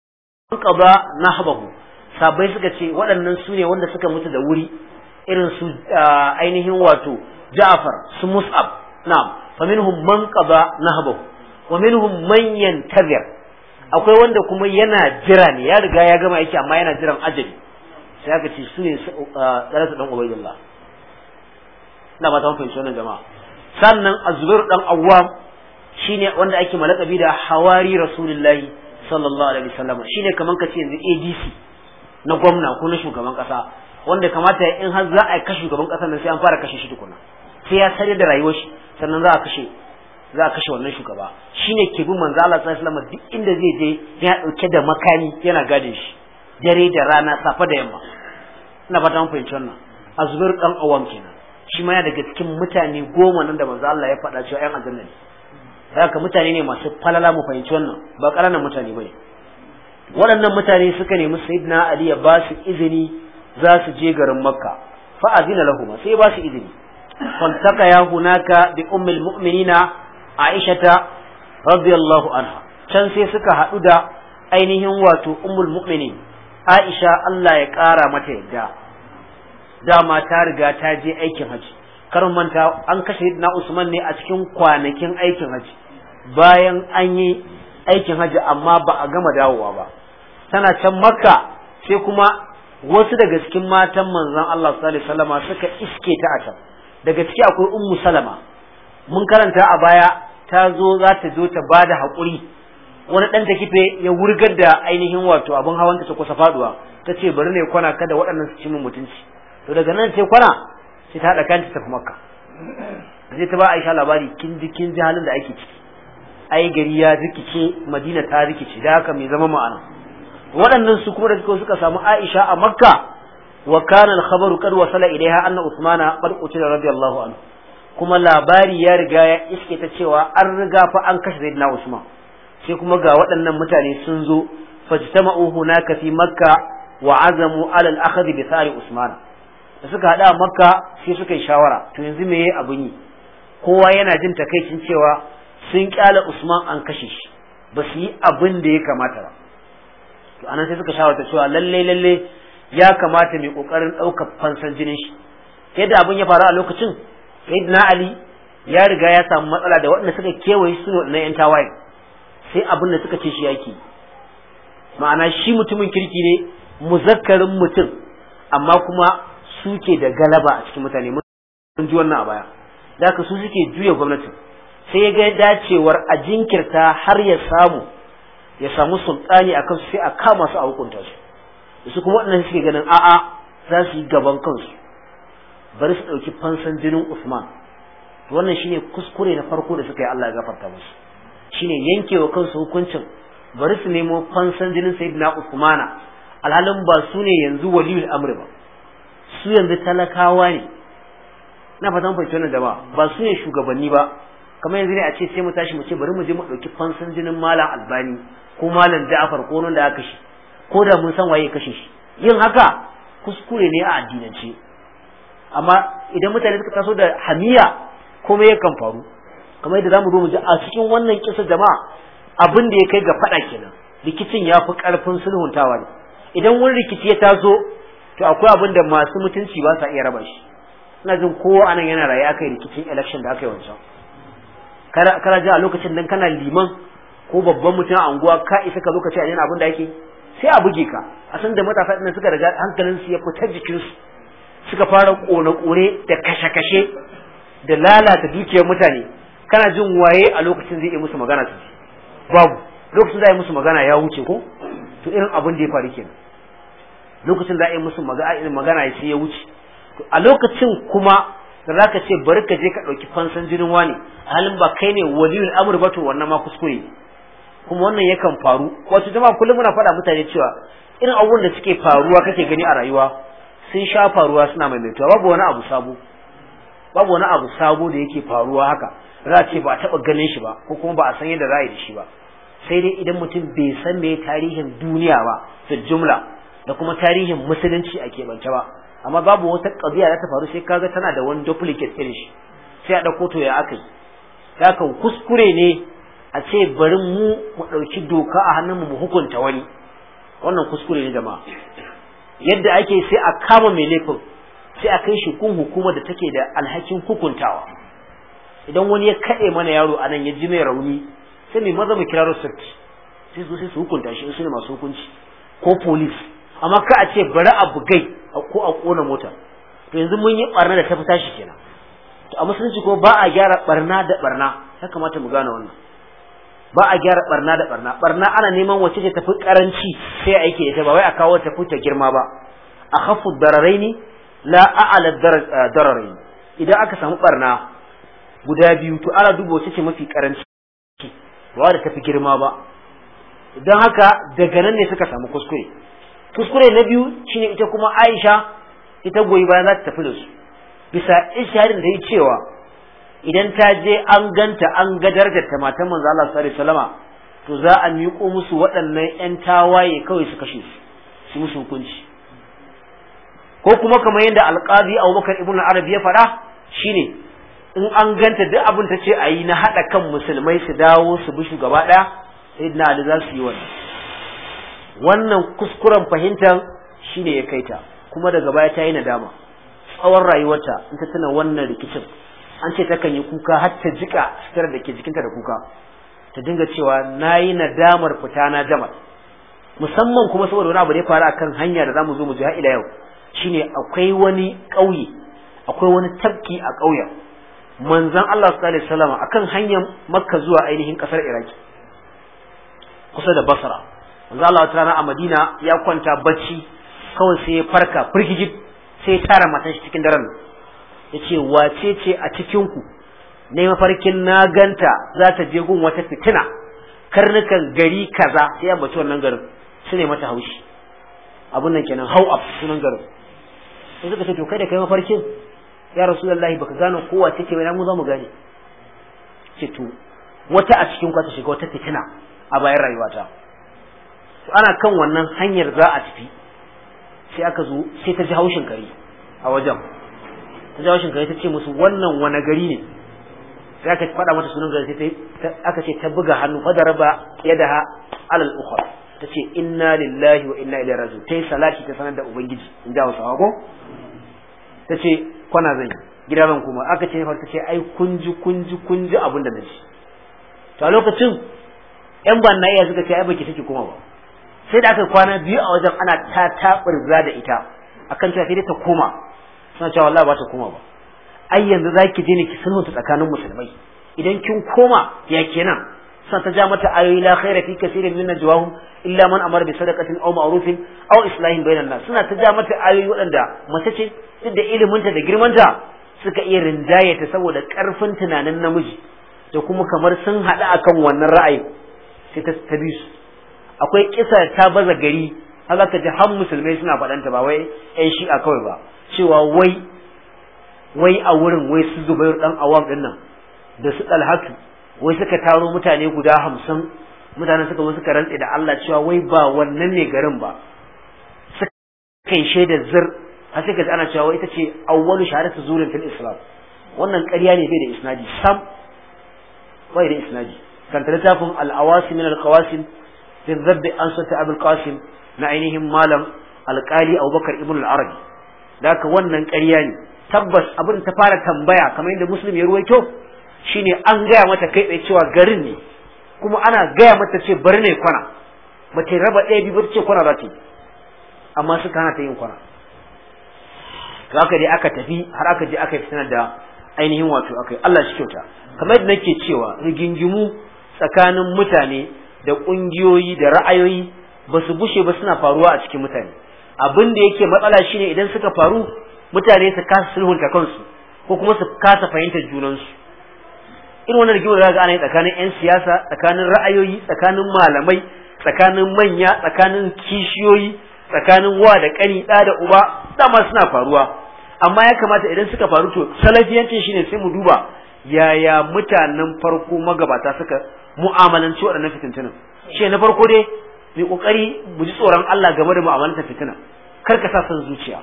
qada nahbahu sabai suka ce waɗannan su ne wanda suka mutu da wuri irin su ah, ainihin wato Ja'far su نعم na'am من minhum man ومنهم من ينتظر akwai wanda kuma yana jira ne ya riga ya gama aiki amma yana jiran ajali sai aka ce su ne tsarasa uh, dan ubaidullah ina ba ta fahimci wannan jama'a sannan azbir dan awwam shine wanda ake malakabi da hawari rasulullahi sallallahu alaihi wasallam shine kaman kace yanzu ADC na gwamna ko na shugaban kasa wanda kamata ya in har za a kashe shugaban kasar nan sai an fara kashe shi tukuna sai ya sarya da rayuwar shi sannan za a kashe za a kashe wannan shugaba shine ke bin manzo Allah sallallahu alaihi wasallam duk inda zai je yana dauke da makami yana gadin shi dare da rana safa da yamma ina fata mun fahimci wannan azbir dan awam kenan shi ma ya daga cikin mutane goma nan da manzo Allah ya faɗa cewa ayan aljanna ne haka mutane ne masu falala mu fahimci wannan ba ƙananan mutane bane waɗannan mutane suka nemi sayyidina Ali ya ba su izini za su je garin makka fa azina sai ba su izini faltaka ya hunaka bi ummul mu'minina aishata radiyallahu anha can sai suka haɗu da ainihin wato ummul mu'minin aisha Allah ya ƙara mata yadda dama ta riga ta je aikin haji kar manta an kashe na Usman ne a cikin kwanakin aikin haji bayan an yi aikin haji amma ba a gama dawowa ba tana can makka sai kuma wasu daga cikin matan manzon Allah sallallahu alaihi suka iske ta a daga ciki akwai ummu salama mun karanta a baya ta zo za ta zo ta bada haƙuri wani ɗan ta kife ya wurgar da ainihin wato abin hawan ta kusa faduwa ta ce bari ne kwana kada waɗannan su ci min mutunci to daga nan sai kwana sai ta haɗa ta tafi makka zai ta ba Aisha labari kin ji kin ji halin da ake ciki ai gari ya rikice Madina ta rikice da haka mai zama ma'ana waɗannan su kuma da suka samu Aisha a Makka wa kana al-khabaru qad wasala ilaiha anna Uthmana qad qutila radiyallahu anhu kuma labari ya riga ya iske ta cewa an riga fa an kashe Sayyidina Usman sai kuma ga waɗannan mutane sun zo fajtama'u hunaka fi Makka wa azamu ala al-akhdh bi sari Usman da suka hada a Makka sai suka yi shawara to yanzu me abun yi kowa yana jin takaicin cewa sun kyala Usman an kashe shi ba su yi abin da ya kamata ba to anan sai suka shawarta cewa lalle lalle ya kamata mai kokarin daukar fansan jinin shi yadda abin ya faru a lokacin sayyidina ali ya riga ya samu matsala da waɗanda suka kewaye su ne na yan tawaye sai abin da suka ce shi yake ma'ana shi mutumin kirki ne muzakkarin mutum amma kuma suke da galaba a cikin mutane mun ji wannan a baya da su suke juya gwamnatin sai ya ga dacewar a jinkirta har ya samu ya samu sultani a kansu sai a kama su a hukunta su su kuma waɗannan suke ganin a'a za su yi gaban kansu bari su ɗauki fansan jinin Usman wannan shine kuskure na farko da suka yi Allah ya gafarta musu shine yankewa kansu hukuncin bari su nemo fansan jinin Sayyidina Usmana alhalin ba su ne yanzu waliyul amri ba su yanzu talakawa ne na fatan fahimci wannan jama'a ba su ne shugabanni ba kamar yanzu ne a ce sai mu tashi mu ce bari mu je mu ɗauki fansan jinin malam albani ko malam Ja'far ko nan da aka kashe ko da mun san waye kashe shi yin haka kuskure ne a addinance amma idan mutane suka taso da hamiya ya kan faru kamar yadda zamu zo mu ji a cikin wannan kisa jama'a abin da ya kai ga fada kenan rikicin ya fi karfin sulhuntawa ne idan wani rikici ya taso to akwai abin da masu mutunci ba sa iya raba shi ina jin kowa anan yana raye akai rikicin election da aka yi wancan kara ji a lokacin nan kana liman ko babban mutum a unguwa ka isa ka zo ka ce a yana abin da ake sai a buge ka a san da matasa ɗin suka riga hankalin su ya fita jikinsu suka fara kone kore da kashe-kashe da lalata dukiyar mutane kana jin waye a lokacin zai yi musu magana su babu lokacin za yi musu magana ya wuce ko to irin abin da ya faru kenan lokacin za a yi musu magana sai ya wuce a lokacin kuma da za ka ce bari ka je ka ɗauki fansan jinin wani halin ba kai ne waliyul amur ba to wannan ma kuskure kuma wannan yakan faru wato jama'a kullum muna faɗa mutane cewa irin abubuwan da suke faruwa kake gani a rayuwa sun sha faruwa suna maimaituwa babu wani abu sabo babu wani abu sabo da yake faruwa haka za ce ba a taɓa ganin shi ba ko kuma ba a san yadda za a yi da shi ba sai dai idan mutum bai san me tarihin duniya ba da jumla da kuma tarihin musulunci a keɓance ba amma babu wata kabiya da ta faru sai kaga tana da wani duplicate irin shi sai a ɗauko to ya aka yi kan kuskure ne a ce bari mu mu ɗauki doka a hannunmu mu hukunta wani wannan kuskure ne jama'a yadda ake sai a kama mai laifin sai a kai shi kun hukuma da take da alhakin hukuntawa idan wani ya kaɗe mana yaro a nan ya ji mai rauni sai mai maza mu kira sarki sai su su hukunta shi su ne masu hukunci ko polis amma ka a ce bari a bugai ko a ƙona mota to yanzu mun yi barna da ta fita shi kenan to a musulunci ko ba a gyara ɓarna da barna ya kamata mu gane wannan ba a gyara barna da barna barna ana neman wacce ce tafi karanci sai aiki ita ba wai a kawo ta ta girma ba a hafu dararaini la a'ala dararaini idan aka samu barna guda biyu to ana duba wacce ce mafi karanci ba da tafi girma ba don haka daga nan ne suka samu kuskure kuskure na biyu shine ita kuma Aisha ita goyi bayan za ta tafi da su bisa isharin da ya cewa idan ta je an ganta an gadar da ta matan manzo Allah sallallahu alaihi wasallama to za a miƙo musu waɗannan ƴan tawaye kawai su kashe su su musu hukunci ko kuma kamar yadda alqazi Abubakar ibn Arab ya faɗa shine in an ganta duk abin ta ce a na haɗa kan musulmai su dawo su bi shugaba ɗaya sayyidina Ali za su yi wannan wannan kuskuren fahimtar shine ya kaita kuma daga baya ta yi nadama tsawon rayuwarta in ta tana wannan rikicin an ce takan yi kuka har ta jika sitar da ke jikinta da kuka ta dinga cewa nayi nadamar fita na musamman kuma saboda wani abu da faru akan hanya da zamu zo mu ji har ila yau shine akwai wani ƙauye akwai wani tafki a ƙauyen manzon Allah sallallahu alaihi wasallam akan hanyar Makka zuwa ainihin kasar Iraki kusa da Basra manzon Allah ta rana a Madina ya kwanta bacci kawai sai ya farka firgijib sai ya tara matan shi cikin daren yace wace ce a cikin ku ne mafarkin na ganta za ta je gun wata fitina karnukan gari kaza sai ambaci wannan garin su ne mata haushi abun nan kenan hau up sunan garin sai suka ce to kai da kai mafarkin ya rasulullahi baka gane kowa take bai mu za mu gane ce to wata a cikin ta shiga wata fitina a bayan rayuwata to ana kan wannan hanyar za a tafi sai aka zo sai ta ji haushin kare a wajen ta jawo shinkafa ta ce musu wannan wani gari ne sai aka faɗa mata sunan gari sai aka ce ta buga hannu fa daraba yadaha alal ukhra ta ce inna lillahi wa inna ilaihi raji'un tai salati ta sanar da ubangiji in da wasu ko ta ce kwana zan gida zan kuma aka ce fa ta ce ai kunji kunji kunji abin da naji to a lokacin yan ban na iya suka ce ai baki take kuma ba sai da aka kwana biyu a wajen ana ta taɓurza da ita akan cewa sai dai ta koma suna cewa wallahi ba ta koma ba ai yanzu zaki je ne ki sulhunta tsakanin musulmai idan kin koma ya kenan suna ta ja mata ayoyi la khaira fi kaseerin min najwahum illa man amara bi sadaqatin aw ma'rufin aw islahin bainan nas suna ta ja mata ayoyi waɗanda mace ce duk da iliminta da girmanta suka iya rinjaye ta saboda karfin tunanin namiji da kuma kamar sun haɗu akan wannan ra'ayi sai ta tabi su akwai kisa ta baza gari haka ta ji har musulmai suna faɗanta ba wai 'yan shi'a kawai ba cewa wai wai a wurin wai su zubair dan awam din nan da su dalhatu wai suka taro mutane guda hamsin mutanen suka zo suka rantse da Allah cewa wai ba wannan ne garin ba suka yi shaida zir har sai kaji ana cewa wai ita ce awwalu shahadatu zurin fil islam wannan ƙarya ne bai da isnadi sam bai da isnadi kan ta littafin al-awasim min al-qawasim fi dhabb an sunta abul qasim na ainihin malam alƙali abubakar ibn al-arabi da haka wannan ƙarya ne tabbas abin ta fara tambaya kamar yadda muslim ya ruwaito shine an gaya mata kai tsaye cewa garin ne kuma ana gaya mata ce bari ne kwana ba ta raba ɗaya biyu ba ce kwana za ta yi amma su kana ta yin kwana to haka dai aka tafi har aka je aka yi da ainihin wato aka yi Allah shi kyauta kamar yadda nake cewa rigingimu tsakanin mutane da ƙungiyoyi da ra'ayoyi ba su bushe ba suna faruwa a cikin mutane abin da yake matsala shine idan suka faru mutane su kasa sulhun sulhunta kansu ko kuma su kasa fahimtar junansu irin wannan rigimar da ga ana yi tsakanin 'yan siyasa tsakanin ra'ayoyi tsakanin malamai tsakanin manya tsakanin kishiyoyi tsakanin wa da kani da da uba dama suna faruwa amma ya kamata idan suka faru to salafiyancin shine sai mu duba yaya mutanen farko magabata suka mu'amalanci waɗannan fitintunan shi na farko dai mai kokari mu ji tsoron Allah game da mu'amalar fitina kar ka sa san zuciya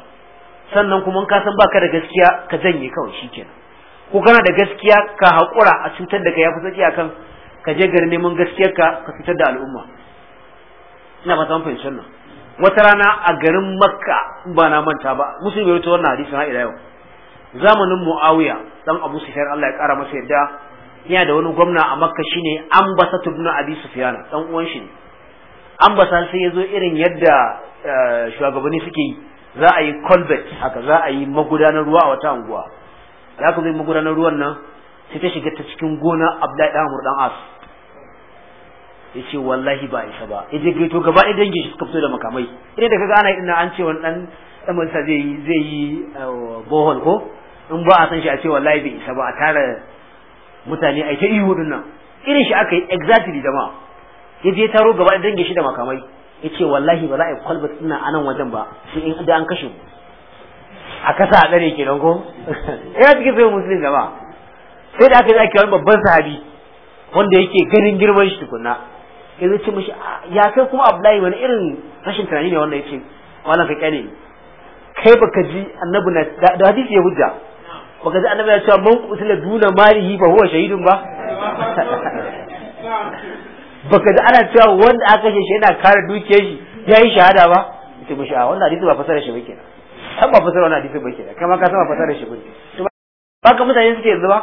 sannan kuma ka san baka da gaskiya ka janye kawai shikenan ko kana da gaskiya ka hakura a cutar da ka yafi saki akan ka je garin neman gaskiyar ka ka fitar da al'umma ina ba ta fahimci wannan wata rana a garin makka ba na manta ba musulmi ya wannan hadisi na ila yau zamanin muawiya dan abu sufyan Allah ya kara masa yadda yana da wani gwamna a makka shine ambasatu ibn abi sufyan dan uwan shi ne ambasa sai ya zo irin yadda eh, shugabanni suke yi za a yi colbert haka za a yi magudanar ruwa a wata anguwa za ka zai magudanar ruwan nan sai ta shiga ta cikin gona abdai dan amur dan as ya ce wallahi ba isa ba ya je gaito gaba idan dangin shi suka fito da makamai idan da kaga ana ina an ce wani dan dan zai yi zai eh, bohol ko in ba a san shi a ce wallahi bai isa ba a tara mutane a ta ihu nan irin shi aka yi exactly jama'a ya je taro gaba da dange shi da makamai ya ce wallahi ba za a yi kwalbat ina a nan wajen ba sai in da an kashe ku a kasa a ɗare kenan ko ya cikin sai musulun gaba sai da aka yi ake wani babban sahabi wanda yake ganin girman shi tukuna ya zai ce mashi ya kai kuma abdullahi wani irin rashin tunani ne wanda ya ce wannan ka kyale kai baka ji annabi na da hadisi ya hujja baka ji annabi ya ce man qutila duna malihi ba huwa shahidun ba baka da ana cewa wanda aka kashe shi yana kare dukiyar shi ya yi shahada ba ita ba sha'a wannan hadisi ba fasara shi ba kenan ba fasara wannan hadisi ba kama ka san ba fasara shi ba ba ka mutane suke yanzu ba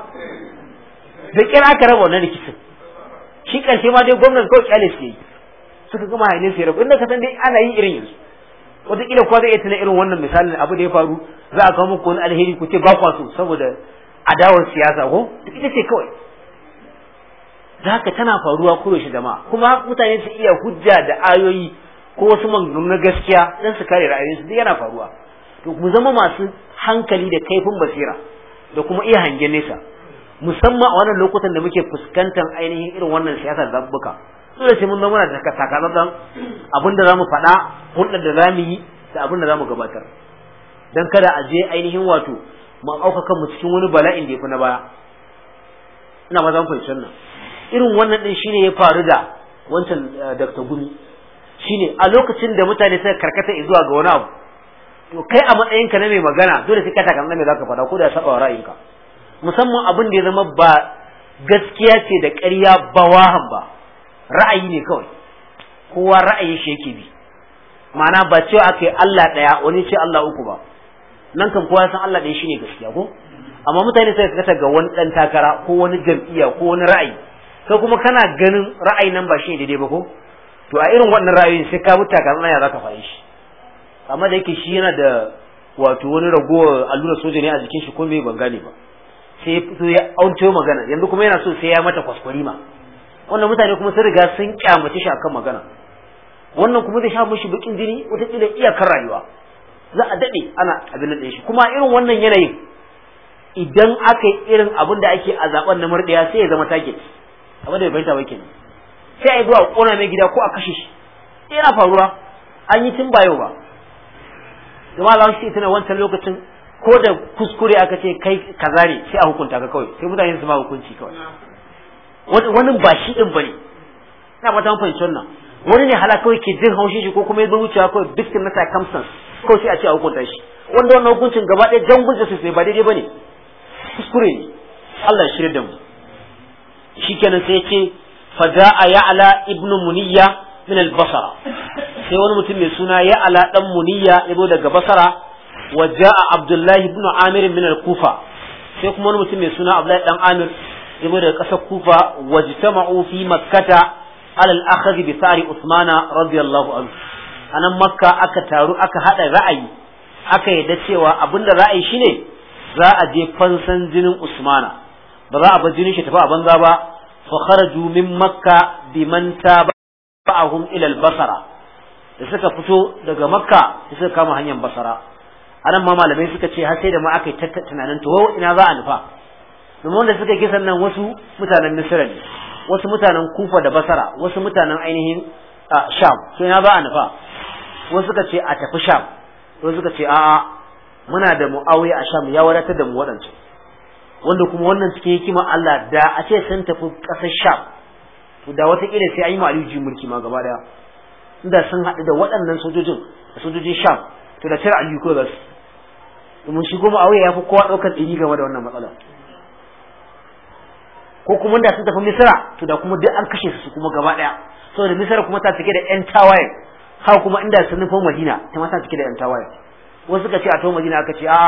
da kira aka raba wannan rikicin shi karshe ma dai gwamnati ko kyale suke yi suka gama haine su rabu inda ka san dai ana yi irin yanzu wataƙila kuwa zai iya tuna irin wannan misalin abu da ya faru za a kawo muku wani alheri ku ce ba kwaso saboda adawar siyasa ko ita ce kawai haka tana faruwa kuro shi dama kuma mutane su iya hujja da ayoyi ko wasu maganganu na gaskiya dan su kare su duk yana faruwa to mu zama masu hankali da kaifin basira da kuma iya hangen nesa musamman a wannan lokutan da muke fuskantar ainihin irin wannan siyasar zabbuka dole sai mun zama da takatsantsan abin da zamu faɗa hulɗar da zamu yi da abin da zamu gabatar dan kada a je ainihin wato mu auka kanmu cikin wani bala'in da ya fi na baya ina ba zan fahimci nan irin wannan din shine ya faru da wancan eh, Dr. Gumi shine a lokacin da mutane suka karkata zuwa ga wani abu to kai a matsayinka na mai magana dole sai ka taka nan mai zaka faɗa ko da saba ra'ayinka musamman abin da ya zama ba gaskiya ce da ƙarya ba wahan ba ra'ayi ne kawai kowa ra'ayin shi yake bi ma'ana ba cewa aka yi Allah ɗaya wani ce Allah uku ba nan kan kowa san Allah ɗaya shine gaskiya ko amma mutane sai kasa ga wani ɗan takara ko wani jam'iyya ko wani ra'ayi Ka kuma kana ganin ra'ayin nan ba shi ne daidai ba ko to a irin wannan ra'ayoyin sai ka mutaka kamar ya zaka faɗi shi amma da yake shi yana da wato wani ragowar allura soja ne a jikin shi ko me ban gane ba sai so ya auto magana yanzu kuma yana so sai ya mata kwaskwari ma wannan mutane kuma sun riga sun kyamace shi akan magana wannan kuma zai sha mishi bakin jini wata wataƙila iyakar rayuwa za a daɗe ana abin da shi kuma irin wannan yanayin idan aka yi irin abin da ake a zaben na murɗiya sai ya zama target abin da bai fahimta ba kenan sai a yi zuwa kona mai gida ko a kashe shi yana faruwa an yi tun ba yau ba kuma Allah shi tana wancan lokacin ko da kuskure aka ce kai kaza ne sai a hukunta ka kawai sai mutane su ma hukunci kawai wani ba shi din bane ina fata mun fahimci wannan wani ne halaka kawai ke jin haushin shi ko kuma ya zo wucewa kawai Bikin na circumstance ko sai a ce a hukunta shi wanda wannan hukuncin gaba ɗaya jan gujja su sai ba daidai bane kuskure ne Allah shirya da mu shikenan sai yace fada'a ya'la ibnu muniyya min al-basra sai wani mutum mai suna ya'ala dan muniyya ya zo daga basra wa ja'a abdullahi ibn amir min al-kufa sai kuma wani mutum mai suna abdullahi dan amir ya zo daga kasar kufa wajtama'u fi makkata ala al-akhdh bi sari usmana radiyallahu anhu anan makka aka taru aka hada ra'ayi aka yadda cewa abinda ra'ayi shine za a je fansan jinin usmana ba za a bar jinin shi tafi a banza ba fa kharaju min makka biman tabahum ila al-basra da suka fito daga makka sai suka kama hanyar basara anan ma malamai suka ce har sai da ma aka yi tunanin to ina za a nufa domin wanda suka kisan nan wasu mutanen misra ne wasu mutanen kufa da basara wasu mutanen ainihin sham to ina za a nufa wasu suka ce a tafi sham wasu suka ce a'a muna da mu'awiya a sham ya wadatar da mu waɗancan wanda kuma wannan cikin hikima Allah da a ce sun tafi ƙasar Sham to da wata watakila sai ayi yi mulki ma gaba daya inda sun haɗu da waɗannan sojojin da sojojin Sham to da cire aliyu kawai basu domin shi goma awuya ya fi kowa ɗaukar ɗiri game da wannan matsala ko kuma inda sun tafi Misira to da kuma duk an kashe su kuma gaba daya saboda Misira kuma ta cike da ƴan tawaye haka kuma inda sun nufin Madina ta ma ta cike da ƴan tawaye wasu suka ce a to Madina aka ce a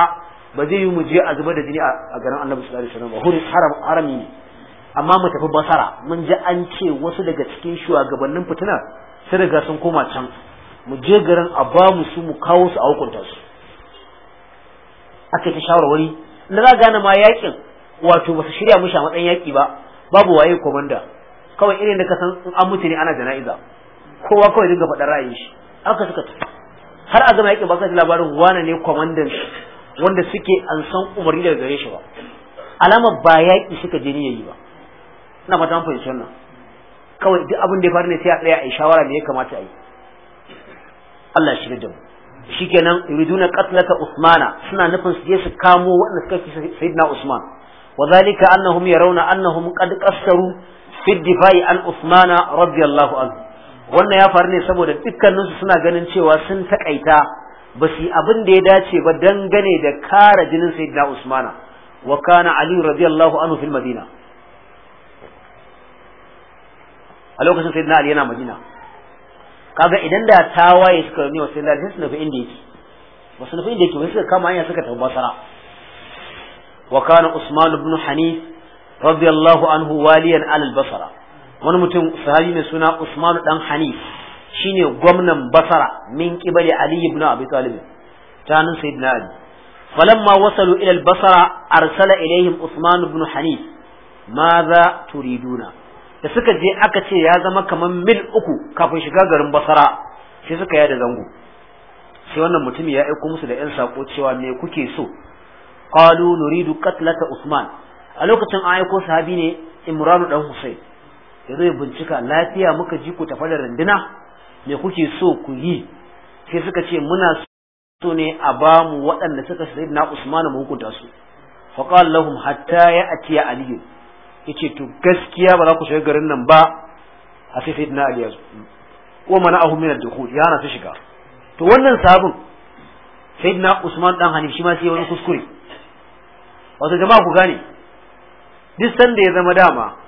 ba zai yi mu je a zuba da jini a garin annabi sallallahu alaihi wasallam ba haram harami ne amma mu tafi basara mun ji an ce wasu daga cikin shugabannin fitina sai daga sun koma can mu je garin a ba mu su mu kawo su a hukunta su Ake ta shawarwari na za gane ma yakin wato ba su shirya mushi a matsayin yaki ba babu waye komanda kawai irin da ka san in an mutu ne ana jana'iza kowa kawai dinga faɗar ra'ayin shi aka suka har a gama yakin ba ka labarin wane ne komandan wanda suke an san umarni daga gare shi ba alama ba yaƙi suka je yayi ba ina fata mun fahimci wannan kawai duk abin da ya faru ne sai a tsaya a yi shawara me ya kamata a yi Allah shi da mu shikenan yuriduna qatlaka usmana suna nufin su je su kamo wanda suka ci sayyidina usman wa zalika annahum yarawna annahum qad في fi difai an usmana radiyallahu anhu wannan ya faru ne saboda dukkaninsu suna ganin cewa sun takaita ba su abin da ya dace ba dangane da kara jinin sayyidina usmana wa kana Aliyu radiyallahu anhu fil madina a lokacin sayyidina ali yana madina kaga idan da tawaye suka ne wa sayyidina sai su nufi inda yake ba su nufi inda yake ba suka kama hanya suka tafi basara wa kana usman ibn hanif radiyallahu anhu waliyan al basara wani mutum sahabi mai suna usman dan hanif shine gwamnan basara min kibali ali ibn abi talib ta sayyidina ali falamma wasalu ila Basara arsala ilaihim usman ibn hanif madha turiduna da suka je aka ce ya zama kaman mil uku kafin shiga garin basara sai suka yada zango sai wannan mutum ya aiko musu da yan sako cewa me kuke so qalu nuridu qatlaka usman a lokacin an aiko sahabi ne imran dan husayn yazo ya bincika lafiya muka ji ku tafa da runduna me kuke so ku yi sai suka ce muna so ne a ba mu waɗanda suka sai na Usman mu hukunta su fa qala lahum hatta ya Ali yace to gaskiya ba za ku shiga garin nan ba a sai na Ali ya zo mana mana'ahu min ad-dukhul ya na shiga to wannan sabon sayyidina Usman dan Hanif shi ma sai wani kuskure wato jama'a ku gane duk sanda ya zama dama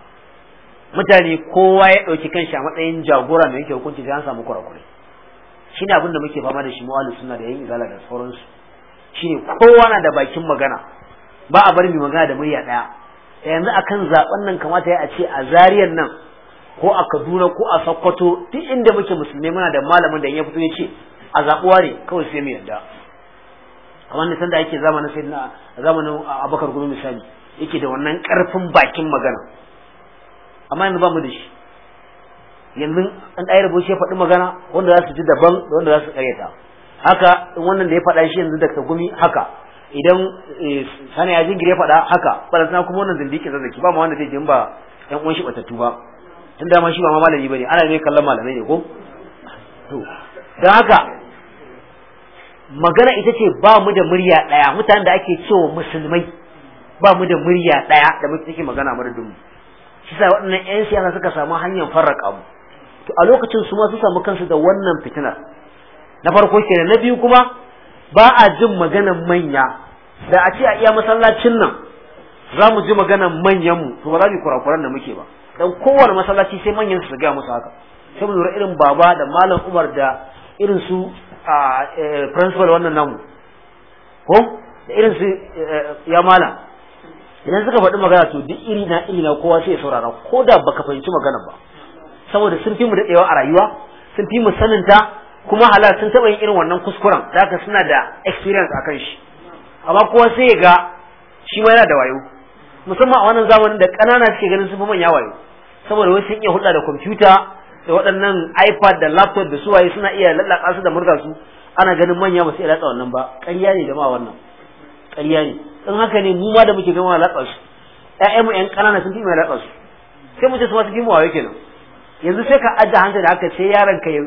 mutane kowa ya ɗauki kanshi a matsayin jagora mai yake hukunci sai an samu kurakurai shine abin da muke fama da shi mawalin suna da yin izala da sauransu shine kowa na da bakin magana ba a bar mai magana da murya ɗaya yanzu akan zaben nan kamata ya a ce a zariyar nan ko a kaduna ko a sokoto duk inda muke musulmai muna da malamin da ya fito ya ce a zaɓuwa ne kawai sai mu yarda kamar nisan da ake zamanin sai na zamanin abakar gumi misali yake da wannan ƙarfin bakin magana amma yanzu ba mu da shi yanzu an ɗaya rabo shi ya faɗi magana wanda za su ji daban da wanda za su karyata haka in wannan da ya faɗa shi yanzu daga gumi haka idan eh, sani ya jingire faɗa haka balantana kuma wannan zindiki zazzaki ba ma wanda zai ba yan uwan shi ba tun dama shi ba ma malami bane ana ne kallon malamai ne ko to don haka magana ita ce ba mu da murya ɗaya mutanen da ake cewa musulmai ba mu da murya ɗaya da muke magana mara dumu shi sa waɗannan 'yan siyasa suka samu hanyar farraka mu to a lokacin su ma su samu kansu da wannan fitinar na farko kenan na biyu kuma ba a jin maganan manya da a ce a iya masallacin nan za mu ji maganan manyan mu to ba za mu kurakuran da muke ba dan kowane masallaci sai manyan su ga musu haka sai mu lura irin baba da malam Umar da irin su a eh, principal wannan namu ko da irin su eh, ya malam idan suka faɗi magana to duk iri na iri na kowa sai ya saurara ko da baka fahimci magana ba saboda sun fi mu daɗewa a rayuwa sun fi mu saninta kuma halal sun taɓa yin irin wannan kuskuren da haka suna da experience a kan shi amma kowa sai ya ga shi ma yana da wayo musamman a wannan zamanin da ƙanana suke ganin sun fi manya wayo saboda wasu sun iya hulɗa da kwamfuta da waɗannan ipad da laptop da su waye suna iya lallaƙa su da murga su ana ganin manya ba su iya latsa wannan ba ƙarya ne da ma wannan ƙarya ne in haka ne mu ma da muke gama latsa su ƴaƴan mu ƴan ƙanana sun fi mu latsa su sai mu ce su ma su fi mu wayo kenan yanzu sai ka adda hankali haka sai yaron ka ya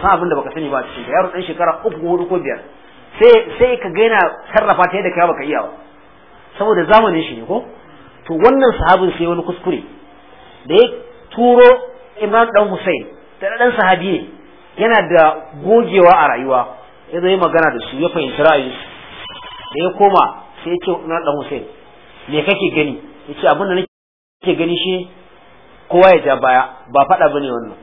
san abin da baka sani ba a cikin yaro ɗan shekara uku ko hudu ko biyar sai sai ka ga sarrafa ta yadda kai baka iya ba saboda zamanin shi ne ko to wannan sahabin sai wani kuskure da ya turo imam dan Hussein da ɗan sahabi yana da gogewa a rayuwa ya yi magana da su ya fahimci ra'ayinsu da ya koma sai ce na dan Hussein me kake gani yace abin da nake gani shi kowa ya ja baya ba fada bane wannan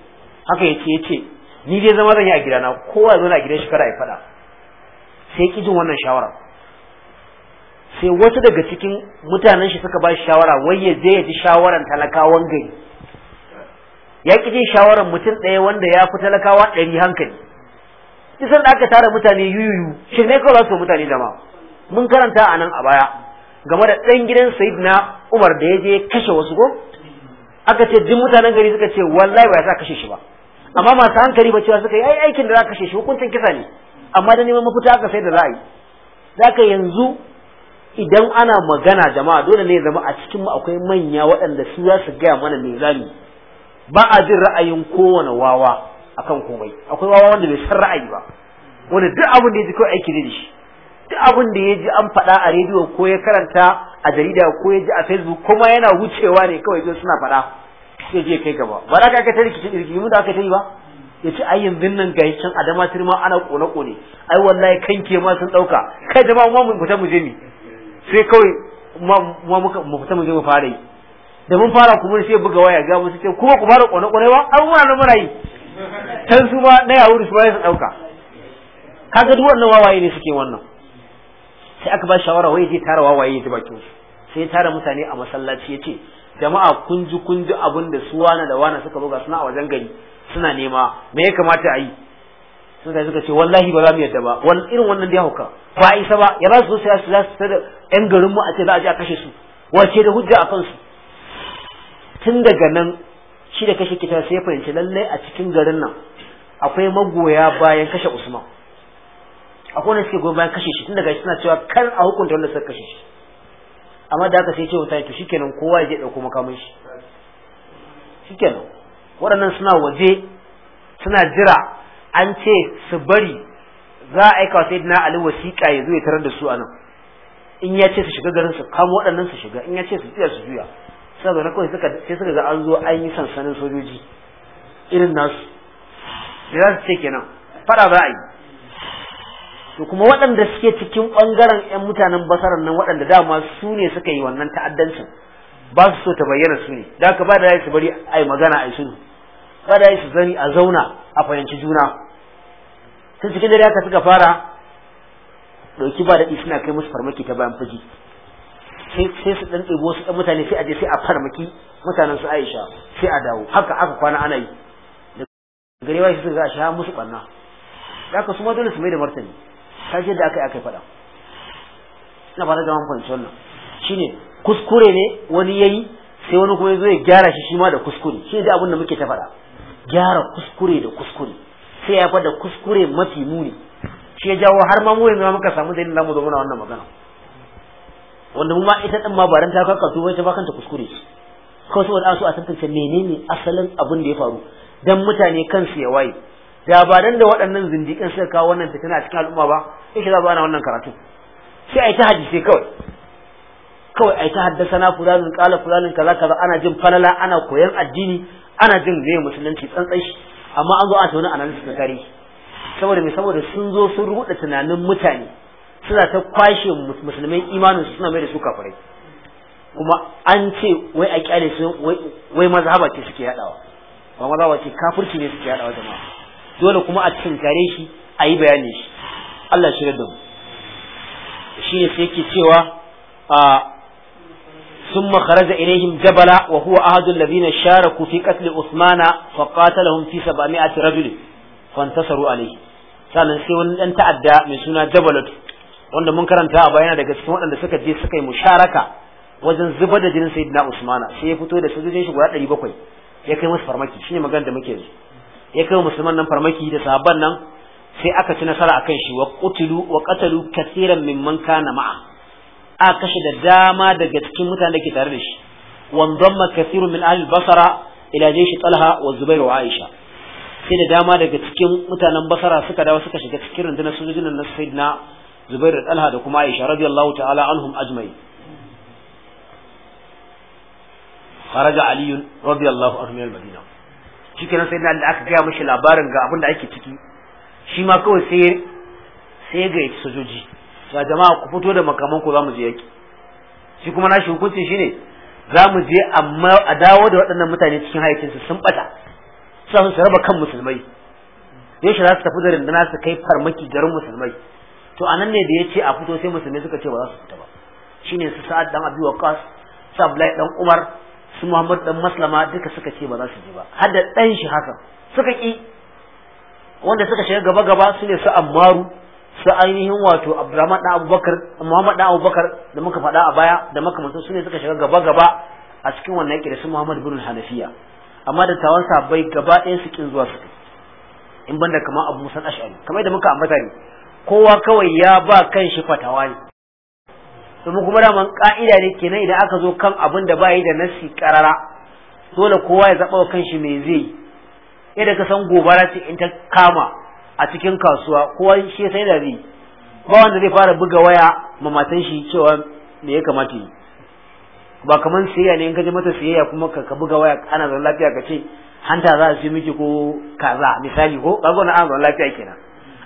haka yace yace ni dai zama zan yi a gidana kowa ya zo na gidan shi kada ya fada sai kijin wannan shawara sai wasu daga cikin mutanen shi suka ba shi shawara wai ya je ya ji shawaran talakawan gari ya ki jin shawaran mutum ɗaya wanda ya fi talakawa ɗari hankali kisan da aka tara mutane yuyuyu shi ne kawai za su mutane zama. mun karanta a nan a baya game da ɗan gidan na umar da ya je kashe wasu ko aka ce duk mutanen gari suka ce wallahi ba ya kashe shi ba amma masu hankali ba cewa suka yi aikin da za kashe shi hukuncin kisa ne amma da neman mafita aka sai da za a ra'ayi zaka yanzu idan ana magana jama'a dole ne zama a cikin mu akwai manya waɗanda su za su gaya mana me zamu ba a jin ra'ayin kowane wawa akan komai akwai wawa wanda bai san ra'ayi ba wanda duk abin da ya ji kawai aiki ne da shi duk abin da ya ji an faɗa a rediyo ko ya karanta a jarida ko ya ji a facebook kuma yana wucewa ne kawai ko suna faɗa sai je kai gaba ba za ka aka ta rikici rikici da aka ta yi ba ya ce ai yanzu nan ga can adama ma ana kone kone ai wallahi kanke ma sun ɗauka kai da ma mu fita mu je ni sai kawai ma muka mu fita mu je mu fara yi da mun fara kuma sai buga waya ga mu sai kuma ku fara kone kone ba an muna nan muna yi can su ma na yawo su ma sun ɗauka kaga duk wannan wawaye ne suke wannan sai aka ba shawara wai zai tara wawaye ya bakin sai ya tara mutane a masallaci ya ce jama'a kun ji kun ji abin da su wana da wana suka buga suna a wajen gari suna nema me ya kamata a yi sun sai suka ce wallahi ba za mu yadda ba wani irin wannan dai hauka ba a isa ba ya ba su sai su za su tada yan garin mu a ce za a je a kashe su wace da hujja a kansu tun daga nan shi da kashe kita sai ya fahimci lallai a cikin garin nan akwai magoya bayan kashe Usman akwai wanda suke goma kashe shi tun daga suna cewa kan a hukunta wanda suka kashe shi amma da aka sai ce mutane to shikenan kowa ya je dauko makamin shi shikenan waɗannan suna waje suna jira an ce su bari za a aika sai na ali wasiqa ya zo ya tarar da su anan in ya ce su shiga garin su kamo waɗannan su shiga in ya ce su tsaya su juya sai da kawai suka sai suka ga an zo an yi sansanin sojoji irin nasu da za su ce kenan fara za a yi to kuma waɗanda suke cikin ɓangaren 'yan mutanen basarar nan waɗanda dama su ne suka yi wannan ta'addancin ba su so ta bayyana su ne da haka ba da yi su bari ai magana ai sulhu ba da yi su zani a zauna a fahimci juna sun cikin dare haka suka fara ɗauki ba daɗi suna kai musu farmaki ta bayan fiji sai su ɗan ɗebo su ɗan mutane sai a je sai a farmaki mutanen su Aisha sai a dawo haka aka kwana ana yi da wa shi suka ga a sha musu ɓanna da haka su ma dole su mai da martani kaji da aka yi aka faɗa ina fata da mun fahimci wannan shine kuskure ne wani ya yi sai wani kuma zo ya gyara shi shi ma da kuskure shine da abin da muke ta faɗa gyara kuskure da kuskure sai ya fada kuskure mafi muni shi ya jawo har ma mu ma muka samu dalilin zamu zama muna wannan magana wanda mu ma ita din ma baran ta kakka to ta ba kanta kuskure ce kawai saboda asu a tantance menene asalin abin da ya faru dan mutane kansu ya waye da ba dan da waɗannan zindikan suka kawo wannan fitina a cikin al'umma ba sai za za ana wannan karatu sai a yi ta hadisi kawai kawai a yi ta haddasa na fulanin kala fulanin kaza kaza ana jin falala ana koyan addini ana jin ne musulunci tsantsan shi amma an zo a tauna analysis na tarihi saboda me saboda sun zo sun rubuta tunanin mutane suna ta kwashe musulmai imanin su suna mai da su kafirai kuma an ce wai a kyale su wai mazhaba ce suke yadawa ba mazhaba ce kafirci ne suke yadawa jama'a dole kuma a cikin tinkare shi a yi bayanin shi Allah shi da mu shi ne sai yake cewa a ثم خرج إليهم جبلا وهو أحد الذين شاركوا في قتل عثمان فقاتلهم في سبعمائة رجل فانتصروا عليه sanan sai wani ɗan ta'adda mai suna jabalat wanda mun karanta a bayana daga cikin waɗanda suka je suka yi musharaka wajen zubar da jinin sayyidina usmana sai ya fito da sojojin shi guda ɗari bakwai ya kai musu farmaki shine magana da muke yanzu ya kai musulman nan farmaki da sahabban nan sai aka ci nasara akan shi wa qutlu wa qatalu kaseeran mimman kana ma'a aka kashe da dama daga cikin mutanen da ke tare da shi wandamma kaseerun min ahli basra ila jaysh talha wa zubair wa aisha sai da dama daga cikin mutanen basra suka dawo suka shiga cikin rundunar sojojin na sayyidina zubair da talha da kuma aisha radiyallahu ta'ala anhum ajma'in خرج علي رضي الله عنه من المدينة shikenan sai da aka gaya mashi labarin ga abin da ake ciki shi ma kawai sai sai ga sojoji ga jama'a ku fito da makaman ku mu je yaki shi kuma nashi hukuncin za mu je amma a dawo da waɗannan mutane cikin hayyacin su sun bata sa su raba kan musulmai ne shi za su tafi da rindana su kai farmaki garin musulmai to a nan ne da ya ce a fito sai musulmai suka ce ba za su fita ba shine su sa'ad dan abu waqas abdullahi dan umar su Muhammad dan Maslama duka suka ce ba za su je ba har da dan shi haka suka ki wanda suka shiga gaba gaba su ne su Ammaru su ainihin wato Abdurrahman dan Abubakar Muhammad dan Abubakar da muka faɗa a baya da mutu su ne suka shiga gaba gaba a cikin wannan yaki da su Muhammad bin Hanafiya amma da tawan bai gaba ɗaya su kin zuwa su in banda kamar Abu Musa Ash'ari kamar da muka ambata ne kowa kawai ya ba kan shi fatawa ne domin kuma daman ka'ida ne kenan idan aka zo kan abin da bayi da nasi karara dole kowa ya zaba wa kanshi me zai yadda ka san gobara ce in ta kama a cikin kasuwa kowa shi sai da zai ba wanda zai fara buga waya ma matan shi cewa me ya kamata yi ba kaman siyayya ne in ka je mata siyayya kuma ka buga waya ana zan lafiya ka ce hanta za a siyo miki ko kaza misali ko kaga wannan ana zan lafiya kenan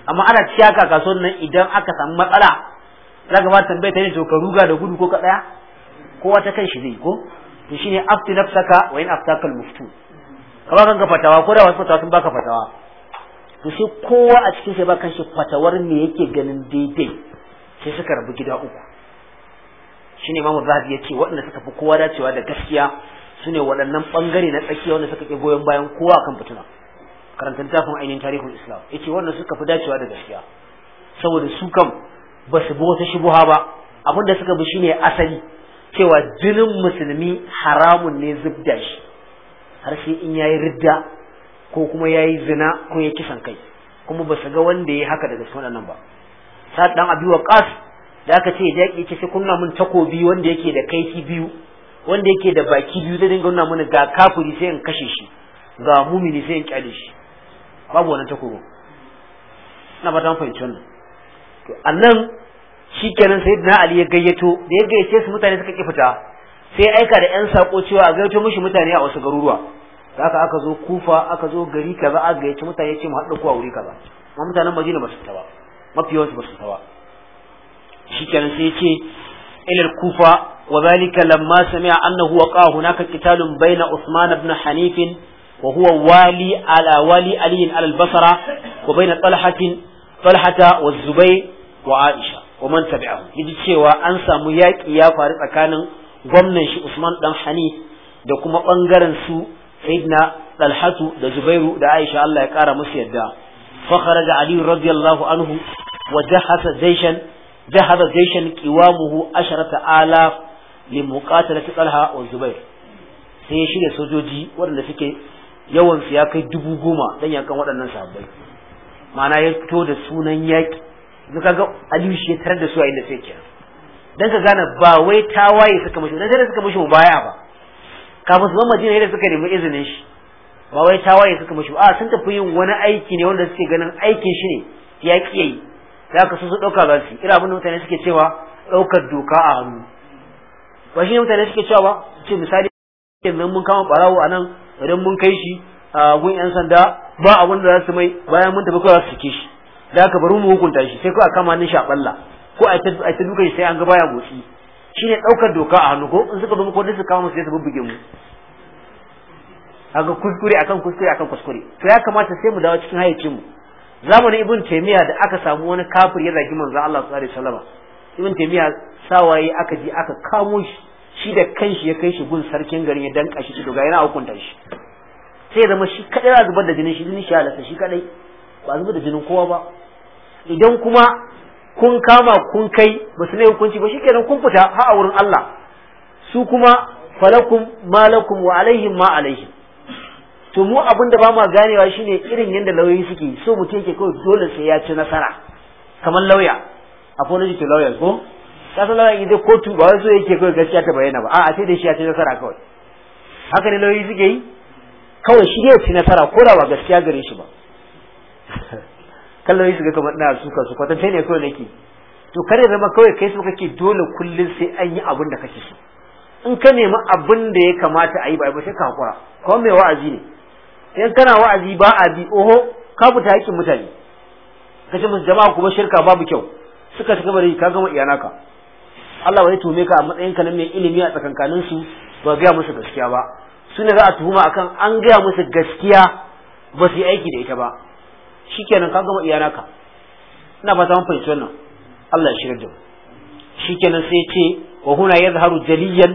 amma ana ciyaka kasuwar nan idan aka samu matsala zaka ba tambaye ta ne to ka ruga da gudu ko ka daya kowa ta kan shi zai ko to shine afti nafsaka wa in aftaka al muftu ka ba kanka fatawa ko da wasu fatawa sun baka fatawa to shi kowa a cikin sai ba kanshi shi fatawar me yake ganin daidai sai suka rabu gida uku shine imamu zahabi ya ce waɗanda suka fi kowa dacewa da gaskiya su ne waɗannan ɓangare na tsakiya wanda suka ke goyon bayan kowa kan fituna karanta littafin ainihin tarihin islam ya ce suka fi dacewa da gaskiya saboda su kam ba su bi wata shubuha ba abin da suka bi shine asali cewa jinin musulmi haramun ne zubda shi har sai in yayi ridda ko kuma yayi zina ko ya kisan kai kuma ba su ga wanda ya haka daga sunan nan ba sa dan abi waqas da aka ce ya ce sai kunna mun takobi wanda yake da kaifi biyu wanda yake da baki biyu da dinga nuna mana ga kafiri sai in kashe shi ga mumini sai in kyale shi babu wannan takobin na ba ta fahimci wannan to annan shikenan sayyidina ali ya gayyato da ya gayyace su mutane suka ki fita sai aika da yan sako cewa a gayyato mishi mutane a wasu garuruwa da haka aka zo kufa aka zo gari kaza aka gayyace mutane ya ce mu haɗu kuwa wuri kaza amma mutanen madina ba su fita ba mafi yawansu ba su fita ba shikenan sai ya ce ilal kufa lamma annahu wa سمع أنه وقع هناك usman بين hanifin بن حنيف wali ala wali والي علي على البصرة وبين طلحة talhata wa zubai wa aisha wa man tabi'ahu yaji cewa an samu yaƙi ya faru tsakanin gwamnan shi usman dan hani da kuma bangaren su sayyidina talhatu da zubairu da aisha Allah ya kara musu yadda fa kharaja ali radiyallahu anhu wa jahasa jayshan jahasa jayshan qiwamuhu asharata alaf li muqatalati talha wa zubair sai ya shirya sojoji waɗanda suke yawan su ya kai dubu goma dan yakan waɗannan sahabbai ma'ana ya fito da sunan yaƙi duka ga aliyu shi ya tarar da su a inda sai dan ka gane ba wai tawaye suka mushi dan da suka mishi baya ba kafin su zama madina da suka nemi izinin shi ba wai tawaye suka mushi a sun tafi yin wani aiki ne wanda suke ganin aikin shi ne ya kiyaye za ka so su ɗauka za su ira abin da mutane suke cewa ɗaukar doka a hannu ba shi ne mutane suke cewa ba ce misali yanzu mun kama ɓarawo a nan idan mun kai shi gun yan sanda ba abin da za su mai bayan mun tafi kawai su sake shi da aka bari mu hukunta shi sai kawai a kama ni shaballa ko a ta dukan shi sai an ga baya goshi shine ɗaukar doka a hannu ko in suka bi ko su kama su sai su bubbuge mu aga kuskure akan kuskure akan kuskure to ya kamata sai mu dawo cikin hayyacin mu zamanin ibn taymiya da aka samu wani kafir ya zagi manzo Allah sallallahu alaihi wasallam ibn taymiya sawaye aka ji aka kamo shi shi da kanshi ya kai shi gun sarkin garin ya danka shi to ga yana hukunta shi sai zama shi kadai za zubar da jinin shi jinin shi halasta shi kadai ba zubar da jinin kowa ba idan kuma kun kama kun kai ba su ne hukunci ba shikenan kun fita ha a wurin Allah su kuma falakum malakum wa alaihim ma alaihim to mu abin da ba ma ganewa shine irin yadda lauyoyi suke so mutum yake kawai dole sai ya ci nasara kamar lauya apology to lauya ko kasan lauya idan kotu ba wai so yake kawai gaskiya ta bayyana ba a sai dai shi ya ci nasara kawai haka ne lauyoyi suke yi kawai shi ya ci nasara ko da ba gaskiya gare shi ba kallon shi ga kamar ina suka su kwatance ne kawai nake to kare zama kawai kai su kake dole kullun sai an yi abin da kake so in ka nemi abin da ya kamata a yi ba sai ka hakura kawai mai wa'azi ne in kana wa'azi ba a bi oho ka fita hakkin mutane ka ce musu jama'a kuma shirka babu kyau suka shiga bari ka gama iyanaka Allah wani zai tume ka a matsayin ka na mai ilimi a tsakankanin su ba gaya musu gaskiya ba su ne za a tuhuma akan an gaya musu gaskiya ba su yi aiki da ita ba shikenan ka gama iyana ka ina fata mun fahimci wannan Allah ya shirar da mu shikenan sai ce wa huna yadhharu jaliyan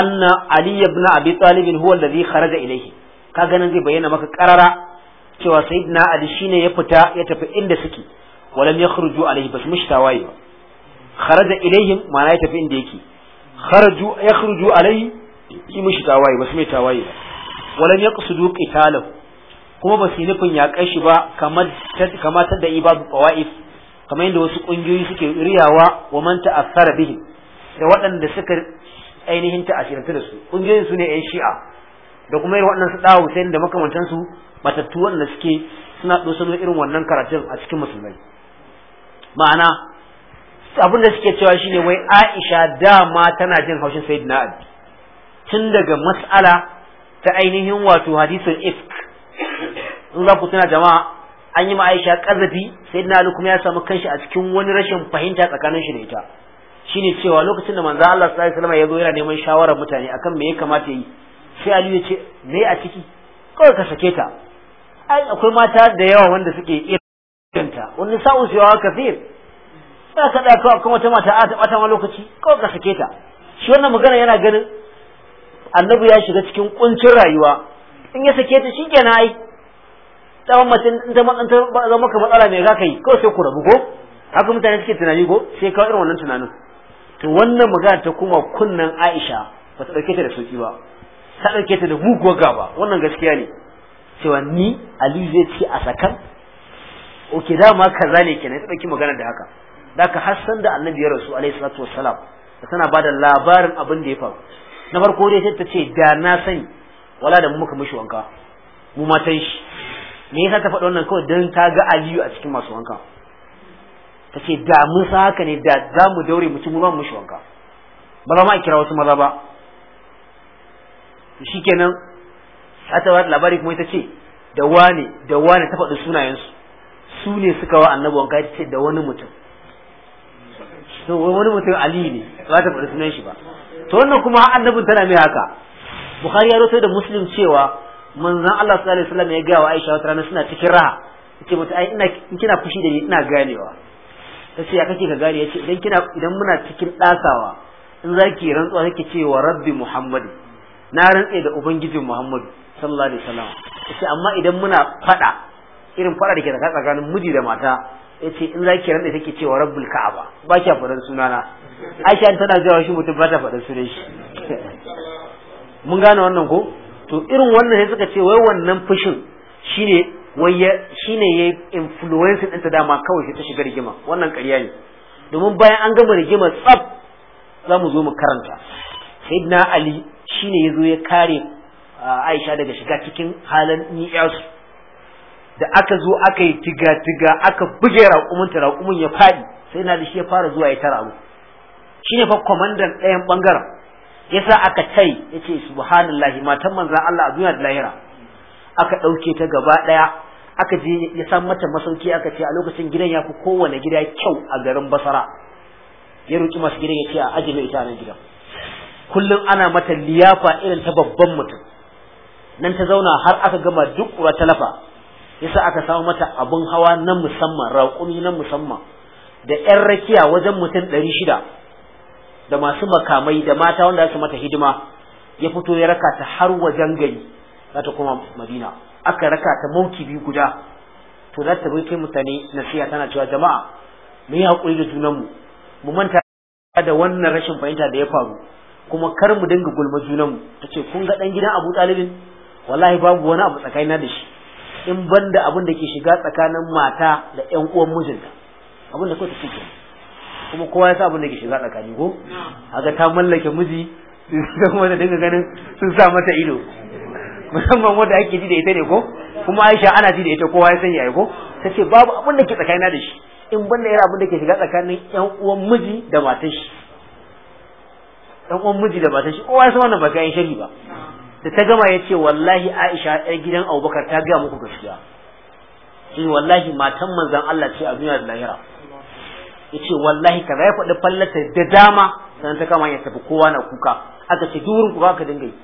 anna ali ibn abi talib huwa alladhi kharaja ilayhi ka ganin zai bayyana maka karara cewa sayyidina ali shine ya fita ya tafi inda suke walam yakhruju alayhi bas mushtawayi kharaja ilayhim ma'ana ya tafi inda yake kharaju yakhruju alayhi yi mishi tawaye ba su mai tawaye ba walam yaqsudu qitalahu kuma ba su nufin yaƙar shi ba kamar kamatar da ibadu qawaif kamar yadda wasu ƙungiyoyi suke riyawa wa man ta'assara bihi da waɗanda suka ainihin ta'assiranta da su ƙungiyoyin su ne ƴan shi'a da kuma irin waɗannan su ɗawo Hussein da makamantan su matattu waɗanda suke suna ɗosano irin wannan karatun a cikin musulmai ma'ana abin da suke cewa shine wai Aisha dama tana jin haushin Sayyidina abi tun daga mas'ala ta ainihin wato hadisin ifk in za ku tuna jama'a an yi ma Aisha kazafi sayyidina Ali kuma ya samu kanshi a cikin wani rashin fahimta tsakanin shi da ita shine cewa lokacin da manzo Allah sallallahu alaihi ya zo yana neman shawarar mutane akan me ya kamata yi sai Ali ya ce me a ciki kawai ka sake ta ai akwai mata da yawa wanda suke irin ta wani sa'u su yawa kafir sai ka da kawai kuma wata mata a ta bata lokaci kawai ka sake ta shi wannan magana yana ganin annabi ya shiga cikin kuncin rayuwa in ya sake ta shikenan ai tsawon mace in ta zama maka matsala mai zaka yi kawai sai ku rabu ko haka mutane suke tunani ko sai kawai irin wannan tunanin to wannan magana ta kuma kunnan Aisha ba ta dauke ta da sauki ba ta dauke ta da ga gaba wannan gaskiya ne cewa ni Ali zai ci a sakan oke dama kaza ne kenan ta dauki magana da haka da haka har san da Annabi ya rasu alaihi salatu wassalam tana bada labarin abin da ya faru na farko dai sai ta ce da na sani wala da mu muka mishi wanka mu matan shi me yasa ta faɗi wannan kawai don ta ga aliyu a cikin masu wanka ta ce da mun sa haka ne da za mu daure mu ci mu ba mu mishi wanka ba za ma a kira wasu maza ba shi kenan ta ba labari kuma ita ce da wane da wane ta faɗi sunayensu su ne suka wa annabi wanka ita ce da wani mutum wani mutum aliyu ne ba ta faɗi sunan shi ba to wannan kuma annabin tana mai haka bukhari ya rawaito da muslim cewa manzon Allah sallallahu alaihi wasallam ya ga wa Aisha wata rana suna cikin raha yace mata ai ina kina fushi da ni ina ganewa tace ya kake ka gane yace idan kina idan muna cikin dasawa in zaki rantsuwa kake cewa rabbi Muhammad na rantsa da ubangijin Muhammad sallallahu alaihi wasallam yace amma idan muna fada irin fada da ke tsakanin miji da mata yace in zaki rantsa kake cewa rabbul ka'aba ba kya faran sunana aisha tana zuwa shi mutum ba ta faɗa da shi mun gane wannan ko to irin wannan sai suka ce wai wannan fushin shine wai shine yayi influence ɗinta dama kawai sai ta shiga rigima wannan ƙarya ne domin bayan an gama rigima tsaf za mu zo mu karanta sayyidina ali shine yazo ya kare aisha daga shiga cikin halin ni'yasu da aka zo aka yi tiga tiga aka buge raƙumin ta raƙumin ya faɗi sai na da shi ya fara zuwa ya tara mu shine fa kwamandan ɗayan bangaren yasa aka tai yace subhanallahi matan manzan Allah a duniya da lahira aka ɗauke ta gaba ɗaya aka je ya san mata masauki aka ce a lokacin gidan ya fi kowane gida kyau a garin basara ya roƙi masu gidan ya ce a ajiye ita nan gidan kullum ana mata liyafa irin ta babban mutum nan ta zauna har aka gama duk ƙura talafa yasa aka samu mata abin hawa na musamman raƙumi na musamman da 'yan rakiya wajen mutum ɗari shida da masu makamai da mata wanda su mata hidima ya fito ya raka ta har wajen gari za ta koma madina aka raka ta mauki biyu guda to za ta bai kai mutane nasiha tana cewa jama'a mu yi haƙuri da junanmu mu manta da wannan rashin fahimta da ya faru kuma kar mu dinga gulma junanmu ta ce kun ga ɗan gidan abu ɗalibin wallahi babu wani abu na da shi in banda abin da ke shiga tsakanin mata da ƴan uwan mijinta abin da kawai ta ce kuma kowa ya sa abin da ke shiga tsakani ko haka ta mallake miji sun kuma da dinga ganin sun sa mata ido musamman wanda ake ji da ita ne ko kuma Aisha ana ji da ita kowa ya sani ai ko tace babu abin da ke tsakanina da shi in banda yana abin da ke shiga tsakanin ƴan uwan miji da matan shi ɗan uwan miji da matan shi kowa ya san wannan ba kai shari ba da ta gama ya ce wallahi Aisha ɗan gidan Abubakar ta gaya muku gaskiya shi wallahi matan manzon Allah ce a duniya da lahira yace wallahi kaza ya faɗi fallata da dama sannan ta kama ya tafi kowa na kuka aka ce durin kuka ka dinga yi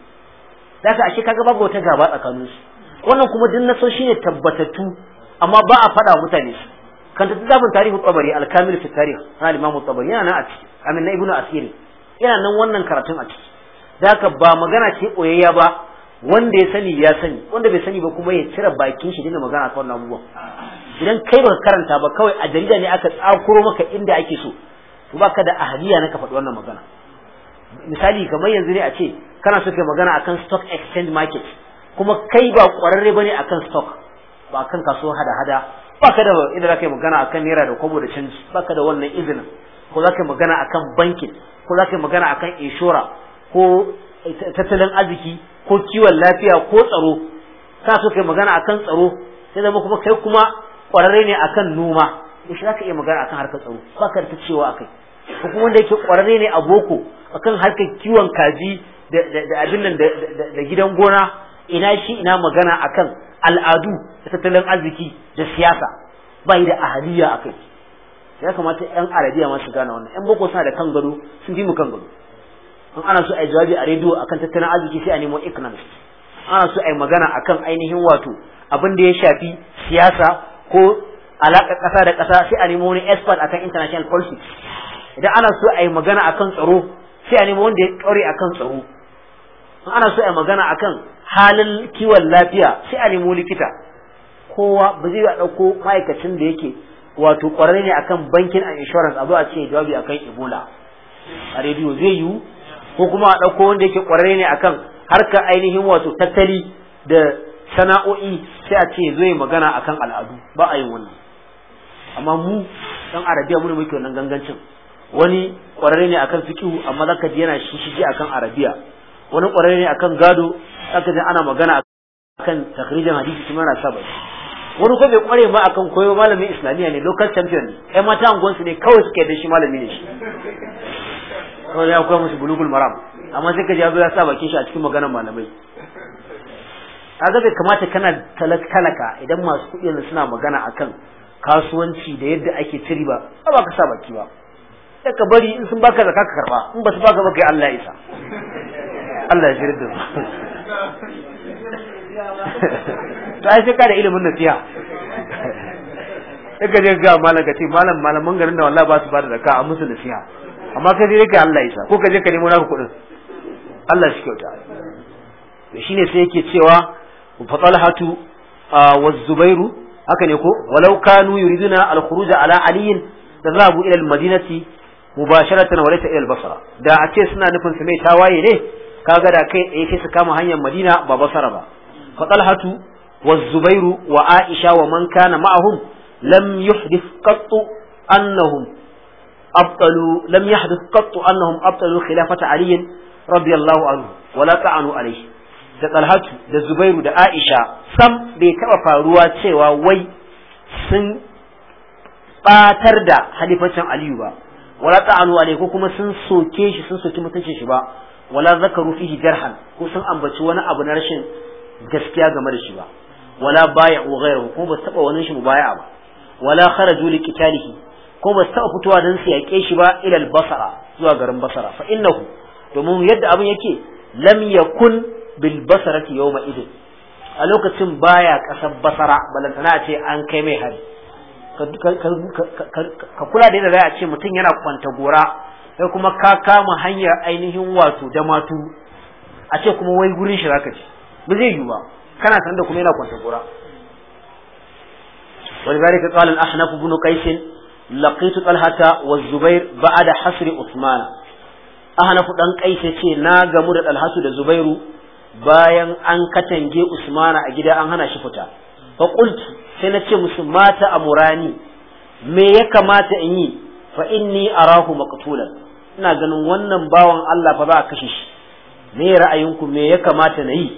daga ashe kaga babu wata gaba tsakanin su wannan kuma din so shine tabbatatu amma ba a faɗa mutane su kan ta zabin tarihi tsabari al-kamil fi tarikh na al tsabari yana nan a ciki amin na ibnu asiri yana nan wannan karatun a ciki daga ba magana ce koyayya ba wanda ya sani ya sani wanda bai sani ba kuma ya cire bakin shi dinga magana ta wannan abubuwan idan kai baka karanta ba kawai a jarida ne aka tsakuro maka inda ake so to baka da ahliya na ka faɗi wannan magana misali kamar yanzu ne a ce kana so kai magana akan stock exchange market kuma kai ba ƙwararre bane akan stock ba akan kaso hada-hada baka da idan zaka yi magana akan naira da kwabo da canji baka da wannan izinin ko zaka yi magana akan bankin ko zaka yi magana akan inshora ko tattalin arziki ko kiwon lafiya ko tsaro ka so kai magana akan tsaro sai zama kuma kai kuma ƙwararre ne akan noma yaushe za ka iya magana akan harkar tsaro ba ka ta cewa akai ko kuma wanda yake ƙwararre ne a boko akan harkar kiwon kaji da abin nan da gidan gona ina shi ina magana akan al'adu da tattalin arziki da siyasa ba yi da ahaliya akai ya kamata yan arabiya ma su gane wannan yan boko suna da kan gado sun fi mu kan gado in ana so a yi jawabi a rediyo akan tattalin arziki sai a nemo economist ana so a yi magana akan ainihin wato abin da ya shafi siyasa ko alaƙar ƙasa da ƙasa sai a nemo wani expert akan international politics idan ana so a yi magana akan tsaro sai a nemo wanda ya ƙware akan tsaro in ana so a yi magana akan halin kiwon lafiya sai a nemo likita kowa ba zai a ɗauko ma'aikacin da yake wato ƙwararre ne akan bankin and insurance a zo a ce jawabi akan ebola a rediyo zai yiwu ko kuma a ɗauko wanda yake ƙwararre ne akan harkar ainihin wato tattali da sana'o'i sai a ce zai magana akan al'adu ba a yin wannan amma mu dan arabiya mu ne muke wannan gangancin wani kwararre ne akan fiqhu amma zaka ji yana shishige akan arabiya wani kwararre ne akan gado zaka ji ana magana akan takrijin hadisi kuma na saba wani ko bai kware ba akan koyo malamin islamiyya ne local champion ne ai mata angon su ne kawai suke da shi malami ne shi kawai ya koya musu bulugul maram amma sai ka ji ya zo ya sa a cikin maganar malamai kaga bai kamata kana talaka idan masu kuɗi yanzu suna magana akan kasuwanci da yadda ake ciri ba ba ka sa baki ba sai ka bari in sun baka zakka ka karba in ba su baka ba kai Allah ya isa Allah ya shirya To ai sai ka da ilimin nasiha sai ka je ga malam ka ce malam mun garin da wallahi ba su ba da zakka a musu nasiha amma kai dai kai Allah ya isa ko ka je ka nemo naka kuɗin Allah shi kyauta shine sai yake cewa fa wa zubairu haka ne ko walau kanu yuriduna al ala aliyin da za ila al madinati mubasharatan wa laysa ila al basara da a ce suna nufin su mai tawaye ne kaga da kai eh sai su kama hanyar madina ba basara ba fa wa zubairu wa aisha wa man kana ma'ahum lam yuhdith qattu annahum أبطلوا لم يحدث قط أنهم أبطلوا خلافة علي رضي الله عنه ولا طعنوا عليه da Talhatu da Zubairu da Aisha sam bai taɓa faruwa cewa wai sun batar da halifacin Aliyu ba wala ta'anu alai ko kuma sun soke shi sun soki mutuncin shi ba wala zakaru fihi jarhan ko sun ambaci wani abu na rashin gaskiya game da shi ba wala bai'u ghayru ko ba taɓa wani shi mubaya ba wala kharaju li qitalihi ko ba taba fitowa dan su yake shi ba ilal basara zuwa garin basara fa innahu domin yadda abin yake lam yakun bil basarati yawma idin a lokacin baya kasar basara balantana a ce an kai mai hari ka kula da yadda za a ce mutum yana kwanta gora sai kuma ka kama hanyar ainihin wato da matu a ce kuma wai gurin shi zaka ci ba zai yiwu ba kana san da kuma yana kwanta gora ولذلك قال الأحنف بن قيس لقيت طلحة والزبير da حصر usmana أحنف Dan kaisa ce na gamu da Talhatu da Zubairu bayan an katange usmana a gida an hana shi fita fa qultu sai na ce musu mata amurani me ya kamata in yi fa inni arahu maqtulan ina ganin wannan bawan Allah fa za a kashe shi me ra'ayinku me ya kamata na yi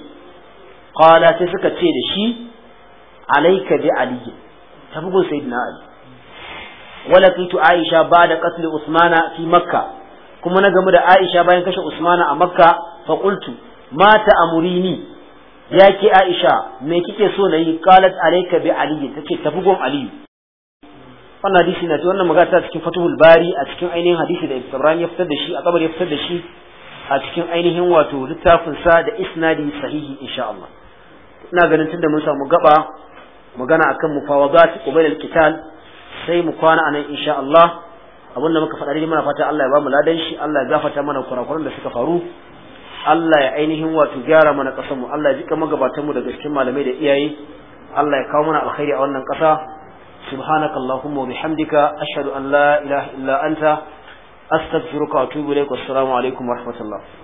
qala sai suka ce da shi alayka bi ali tafi gun sayyidina ali wala kuntu aisha bada qatl usmana fi makkah kuma na gamu da aisha bayan kashe usmana a makka fa qultu mata amurini ya ke aisha me kike so na yi qalat alaika bi ta ce tafi gon Aliyu. wannan hadisi na wannan magana ta cikin fatuhul bari a cikin ainihin hadisi da ibrahim ya fitar da shi a kabar ya fitar da shi a cikin ainihin wato littafin sa da isnadi sahihi insha Allah ina ganin tunda mun samu gaba magana akan mufawadat qubayl al-qital sai mu kwana anan insha Allah abinda muka faɗa dai muna fata Allah ya ba mu ladan shi Allah ya gafarta mana kurakuran da suka faru Allah ya ainihin wato gyara mana ƙasar mu Allah ya jika magabatan mu daga cikin malamai da iyaye Allah ya kawo mana alkhairi a wannan ƙasa subhanaka allahumma wa bihamdika ashhadu an la ilaha illa anta astaghfiruka wa atubu ilaik assalamu alaikum wa rahmatullah